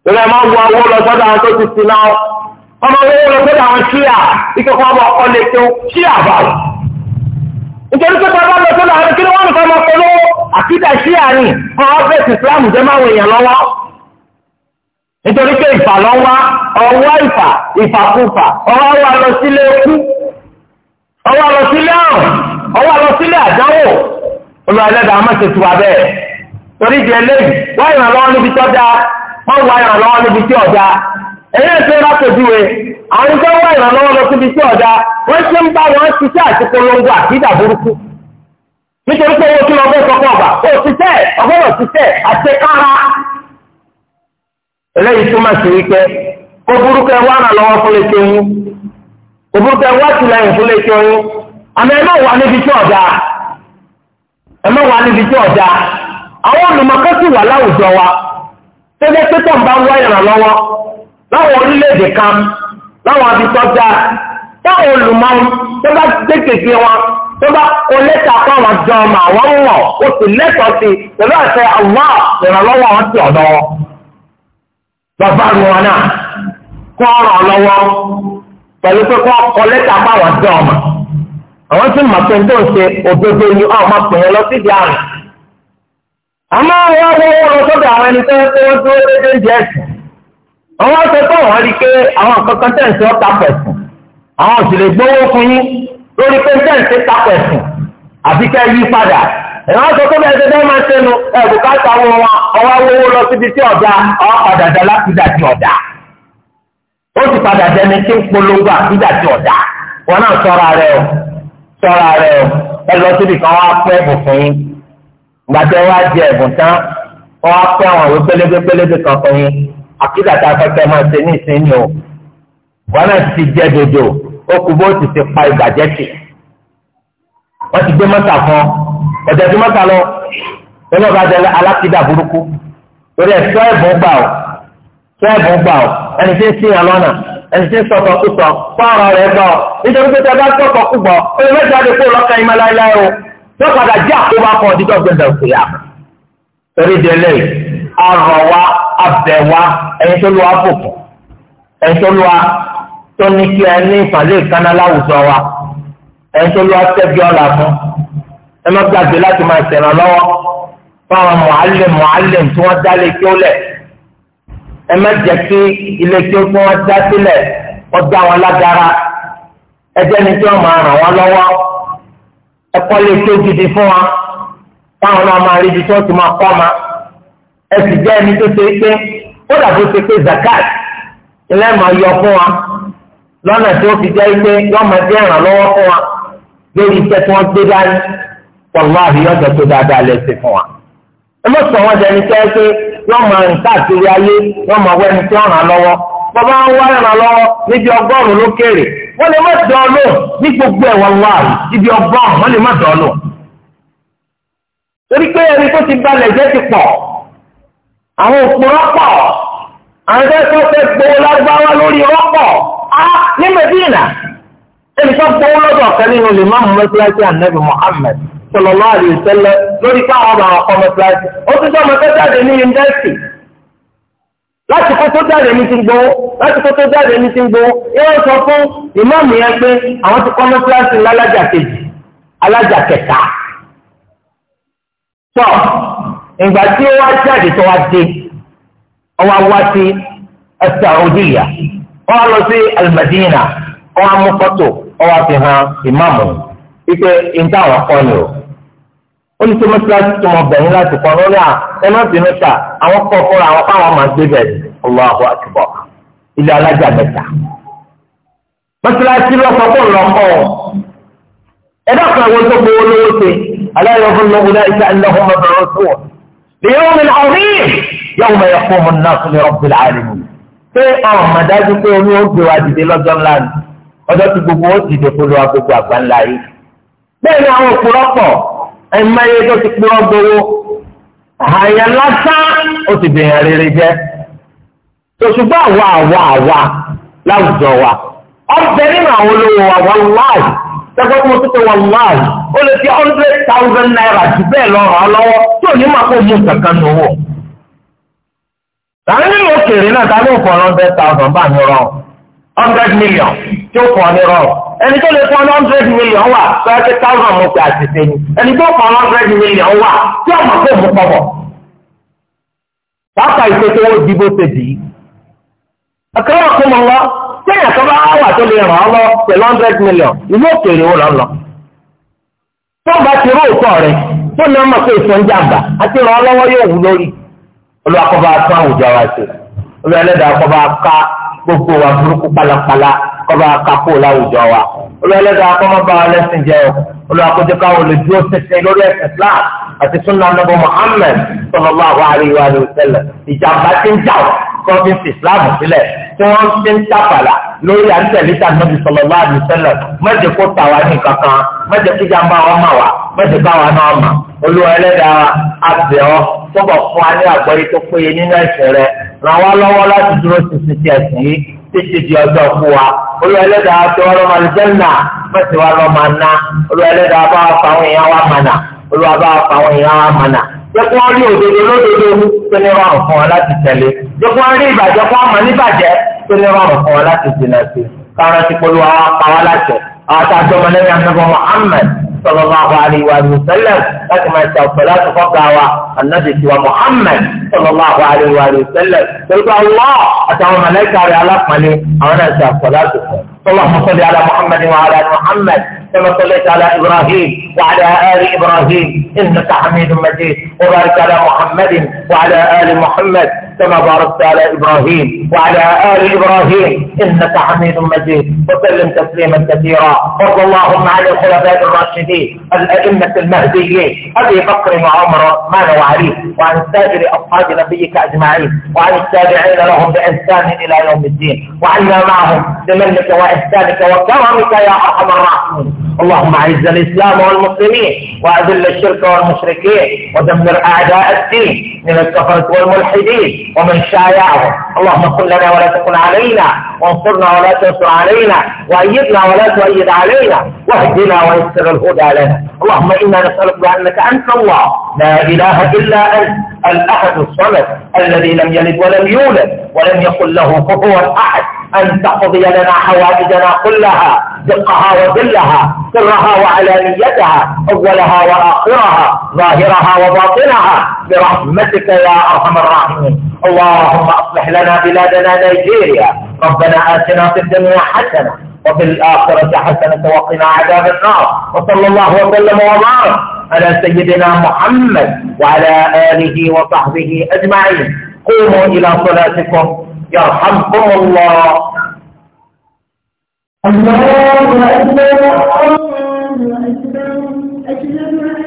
ìrẹ̀ máa wọ owó lọ sọ́dọ̀ àwọn tó ti sin náà ọmọ owó lọ sọ́dọ̀ àwọn ṣíà ìkọ̀kọ̀ ọmọ ọkọ lè tó ṣíà báwò. nítorí pé bàbá lọ sọ́dọ̀ àwọn kí ni wọ́n nìkan máa polówó àkídà nítorí pé ìfà lọ wá ìfà ìfàkùfà wa lọ sílé okú ọwọ́ lọ sílé ọ̀rùn ọrụ lọ sílé àdánwò olùwà ẹlẹ́dàá á má ṣe tu wa torí di eléyìí wá níbi wọ́n wá ìrànlọ́wọ́ níbi tí ọ̀dà ẹ̀yẹ́ ìṣe látòjúwe àwọn tó wá lọ síbi tí eléyìí túmọ̀ sí wípé kó burúkú ẹ wá a lọ́wọ́ fún létí oyún kó burúkú ẹ wá tìlẹ́yìn fún létí oyún àmọ́ ẹ má wà níbi tí ọ̀dà ẹ má wà níbi tí ọ̀dà àwọn olùmọ̀kọ́ sì wà láwùjọ wa tẹ́lẹ̀ pẹ́tọ́ ń bá wá ìrànlọ́wọ́ láwọn orílẹ̀-èdè kan láwọn abitọ́ táwọn olùmọ̀ tó bá wọn tó bá lẹ́tà àwọn àwọn ń wọ̀ sì lẹ́tọ̀ọ́ bàbá mi wọn náà kọ́ ọ̀rọ̀ pẹ̀lú pé ọkọ lẹ́tà báwọn dán ọmọ àwọn tí mà pé tó ń ṣe òdodo ni pè lọ àrùn ẹni tó ń pé wọ́n dúró déédéé di ẹ̀sìn àwọn sọ àwọn rí i pé àwọn nǹkan tẹ̀ ń ṣe ọ́ta ta pẹ̀sìn àbíkẹ́ yí padà ẹ̀rọ sọ pé bẹ́ẹ̀ ṣẹ́ṣẹ́ máa ṣẹnu ẹ̀bù ká sáwọn wọn ọwọ́ awowó lọ síbi tí ọ̀dà ọwọ́ padà dá lápídà tí ọ̀dà ó sì padà dẹni tí ń polongo àpídà tí ọ̀dà wọn náà sọ́ra rẹ̀ o sọ́ra rẹ̀ o ẹ lọ síbi kan wá pẹ́ ẹ̀bùn fún yín gbàtẹ́ wá jẹ ẹ̀bùn tán wọ́n á pẹ́ àwọn àwọn pélébé pélébé kan fún yín àpídà tá a fẹ́ kẹ́ máa ṣe ní ìsinmi o wọn náà ti jẹ dodo ó kú bó ti ti ọ̀tẹ̀ tí mọ́ta lọ lọ́nà bá jẹ alákìdá burúkú torí ẹ̀ sọ ẹ̀bùn gbà ọ́ sọ ẹ̀bùn gbà ọ́ ẹni tí ń sìn yàn lọ́nà ẹni tí ń sọ̀tọ̀ kú sọ fọ́ọ̀rọ̀ rẹ̀ gbọ́ nítorí pé tẹ bá sọ̀tọ̀ kú gbọ́ ó lè mẹ́ta dé kó lọ́kàn ìmọ̀ láéláé o tó padà jẹ́ àkóbá kan ọ̀dídọ́ gbẹ̀dẹ̀ òkè yà torí délé arọ̀ wa abẹ̀ wa ẹni tó lu àbùkù ẹni tó lu tó ní kí ẹ ní ìpàdé láwùjọ wa ẹni tó lu àtẹ́gbẹ́ ẹ má gbàgbé láti máa ṣẹ̀ràn lọ́wọ́ fáwọn mọ̀álẹ̀ mọ̀álẹ̀ tí wọ́n dá lé kí ó lẹ̀ ẹ má jẹ́ kí ilé kí ó fún wọn dá sílẹ̀ wọ́n dá wọn lágara ẹ jẹ́ ni kí wọ́n máa ràn wọ́n lọ́wọ́ ẹ kọ́ lé kí ó gidi fún wọn táwọn náà máa rí ibi tí wọ́n ti máa kọ́ ma ẹ sì jẹ́ ẹni tó ṣe pé ó dàbó ṣe pé zakat ilé máa yọ fún wa lọ́nà tí ó fi jẹ́ pé yọ́n máa jẹ́ ìrànlọ́wọ́ wàláhì ọ̀dọ̀ tó dáadáa lè ṣe fún wa. ẹ má sọ wọn dẹni tẹ́ pé wọ́n máa ń káàkiri ayé wọ́n máa wọ ẹni tí ụlọ ràn lọ́wọ́ bàbá ń wá ràn lọ́wọ́ níbi ọgọ́rùn ụlọ lókèrè wọ́n lè má dán lò ní gbogbo lè má dán lò. torí pé ẹni tó ti balẹ̀ jẹ́ ti pọ̀ àwọn àwọn ẹgbẹ́ tó fẹ́ gbowó lágbára lórí á ní Mẹ́dínà gbowó sọlọ́lá àdìsẹ́lẹ̀ lórí káwọn ọmọ àwọn ọmọ kíláàsì ó ti sọ ọmọ tó jáde ní yunifásitì láti kó tó jáde ní ti ń gbowó láti kó tó jáde ní ti ń gbowó yóò sọ fún ìmáàmù yẹn pé àwọn ti kọ́ ọmọ kíláàsì lálájà kejì alájà kẹta tọ ìgbà tí ó wá jáde tó wá dé ọwọ́ wá sí Saudiya wọ́n lọ sí Al-Madina wọ́n ọwọ́ fi hàn ìmáàmù wípé ìdáwọ̀ kọ́ ni o ó ní sọ mọ́sálásí tó mọ bẹ̀yìn láti kọ́ lórí à ẹ má bínú sà àwọn kọ́ fúnra àwọn fáwọn máa gbé bẹ̀rẹ̀ Allahu akbar ilé alájà mẹ́ta mọ́sálásí lọ́kọ̀ kó lọ́kọ̀ ẹ dákun àwọn tó gbowó lówó ṣe aláyọ̀ fún lọ́wọ́ náà ìṣe àlọ́hùn mọ́ bẹ̀rẹ̀ tó wọ̀ lèyọ́ mi ọ̀rí yóò mọ̀ ẹ̀kọ́ mọ̀ náà fún mi bẹ́ẹ̀ ni àwọn òkú ẹ̀máyé tó ti pé ọgbọ́wọ́ àyà lásán ó ti bẹ̀yàn rere jẹ́ tòṣùgbọ́n àwa àwa àwa láwùjọ wa ọbẹ̀ nínú àwọn olówó wa wà láàyè tẹ́gbẹ́ mo tún pé wà láàyè ó lè fi hundred thousand naira jù bẹ́ẹ̀ lọ ràn án lọ́wọ́ tí ò ní máa kó mú kankan lówó. tàbí nínú òkèèrè náà tàbí òfò hundred thousand bá mi rọrùn ẹni tó lè fún hundred million wà fẹ́ẹ́ thousand ụmụ a àṣìṣe ni ẹni tó fún hundred million wà tí ọmọ tó mú pọ̀ bọ̀. pápá ìṣètò owó ìdìbò ṣe dì í. àkàrà ọ̀kú mọ̀ lọ sẹ́yìn wà tó lè ràn án lọ pẹ̀lú hundred million ìlú òkèèrè tó bá ti rú òkú tó ní ọmọ pé ń jàǹbá àti kọba kakó láwùjọ wa olùwàlẹ́dà akọ́mọ́ bá wa lẹ́sìn jẹ́ o olùwàkójọ káwọn olùdúró ṣẹṣẹ lórí ẹ̀sìn Islam àti sunna anabu Muhammad sallallahu alaihi wa sallam ìjàmbá ti ń jà o kọ́ fi ń fi Islam sílẹ̀ tí wọ́n ti ń tàfàlà lórí àtẹ̀lẹ́tà nàbì sallallahu alaihi wa sallam mẹ́jẹ kó tà wá ní kankan mẹ́jẹ kí jàmbá wọn mà wá mẹ́jẹ káwa náà mà olùwàlẹ́dà àbẹ̀ọ́ tó bọ̀ fún wa ní àgbọ́yé títí di ọjọ́ kú wa olúwa ẹlẹ́dàá tó ọ̀rọ̀ máa ń sẹ́nà mẹ́sì wa lọ́ máa ná olúwa ẹlẹ́dàá bá wa fáwọn èèyàn wa mànà olúwa bá wa fáwọn èèyàn wa mànà jẹ́kọ́ wọn rí òdodo lódodo tó ní rọrùn fún wa láti tẹ̀lé jẹ́kọ́ wọn rí ìbàjẹ́ fún ọmọ níbàjẹ́ tó ní rọrùn fún wa láti dènà sí káwọn ti polówó àwọn apá wa láti àwọn àtàjọmọlẹ́yìn anábọ̀ صلى الله عليه وآله وسلم أكما الصلاة فقع النبي سوى محمد صلى الله عليه وآله وسلم تلقى الله أتوا ملايك على لقمني أنا الصلاة اللهم صل على محمد وعلى آل محمد كما صليت على إبراهيم وعلى آل إبراهيم إنك حميد مجيد وبارك على محمد وعلى آل محمد كما باركت على إبراهيم وعلى آل إبراهيم إنك حميد مجيد وسلم تسليما كثيرا وارض اللهم عن الخلفاء الراشدين الأئمة المهديين أبي بكر وعمر وعثمان وعلي وعن سائر أصحاب نبيك أجمعين وعن التابعين لهم بإحسان إلى يوم الدين وعنا معهم بمنك وإحسانك وكرمك يا أرحم الراحمين اللهم اعز الإسلام والمسلمين وأذل الشرك والمشركين ودمر أعداء الدين من الكفرة والملحدين ومن شايعهم اللهم كن لنا ولا تكن علينا وانصرنا ولا تنصر علينا وأيدنا ولا تؤيد علينا واهدنا ويسر الهدى لنا اللهم إنا نسألك بأنك أنت الله لا إله إلا أنت الأحد الصمد الذي لم يلد ولم يولد ولم يقل له كفوا أحد أن تقضي لنا حوائجنا كلها دقها وذلها سرها وعلانيتها أولها وآخرها ظاهرها وباطنها برحمتك يا أرحم الراحمين اللهم أصلح لنا بلادنا نيجيريا ربنا آتنا في الدنيا حسنة وفي الآخرة حسنة وقنا عذاب النار وصلى الله وسلم وبارك على سيدنا محمد وعلى آله وصحبه أجمعين قوموا إلى صلاتكم يرحمكم الله الله أكبر الله أكبر أكبر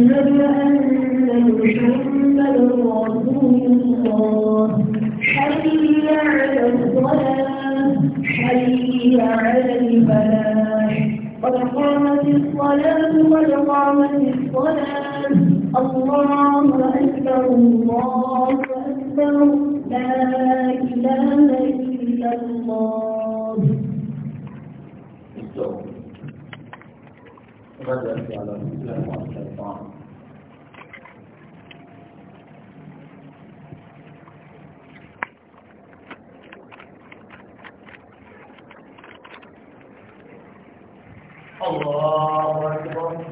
واشهد أن محمدا رسول الله حي على الصلاة حي على الفلاح قد قامت الصلاة قد قامت الصلاة الله أكبر الله أكبر لا إله إلا الله بدأت على الإسلام الله أكبر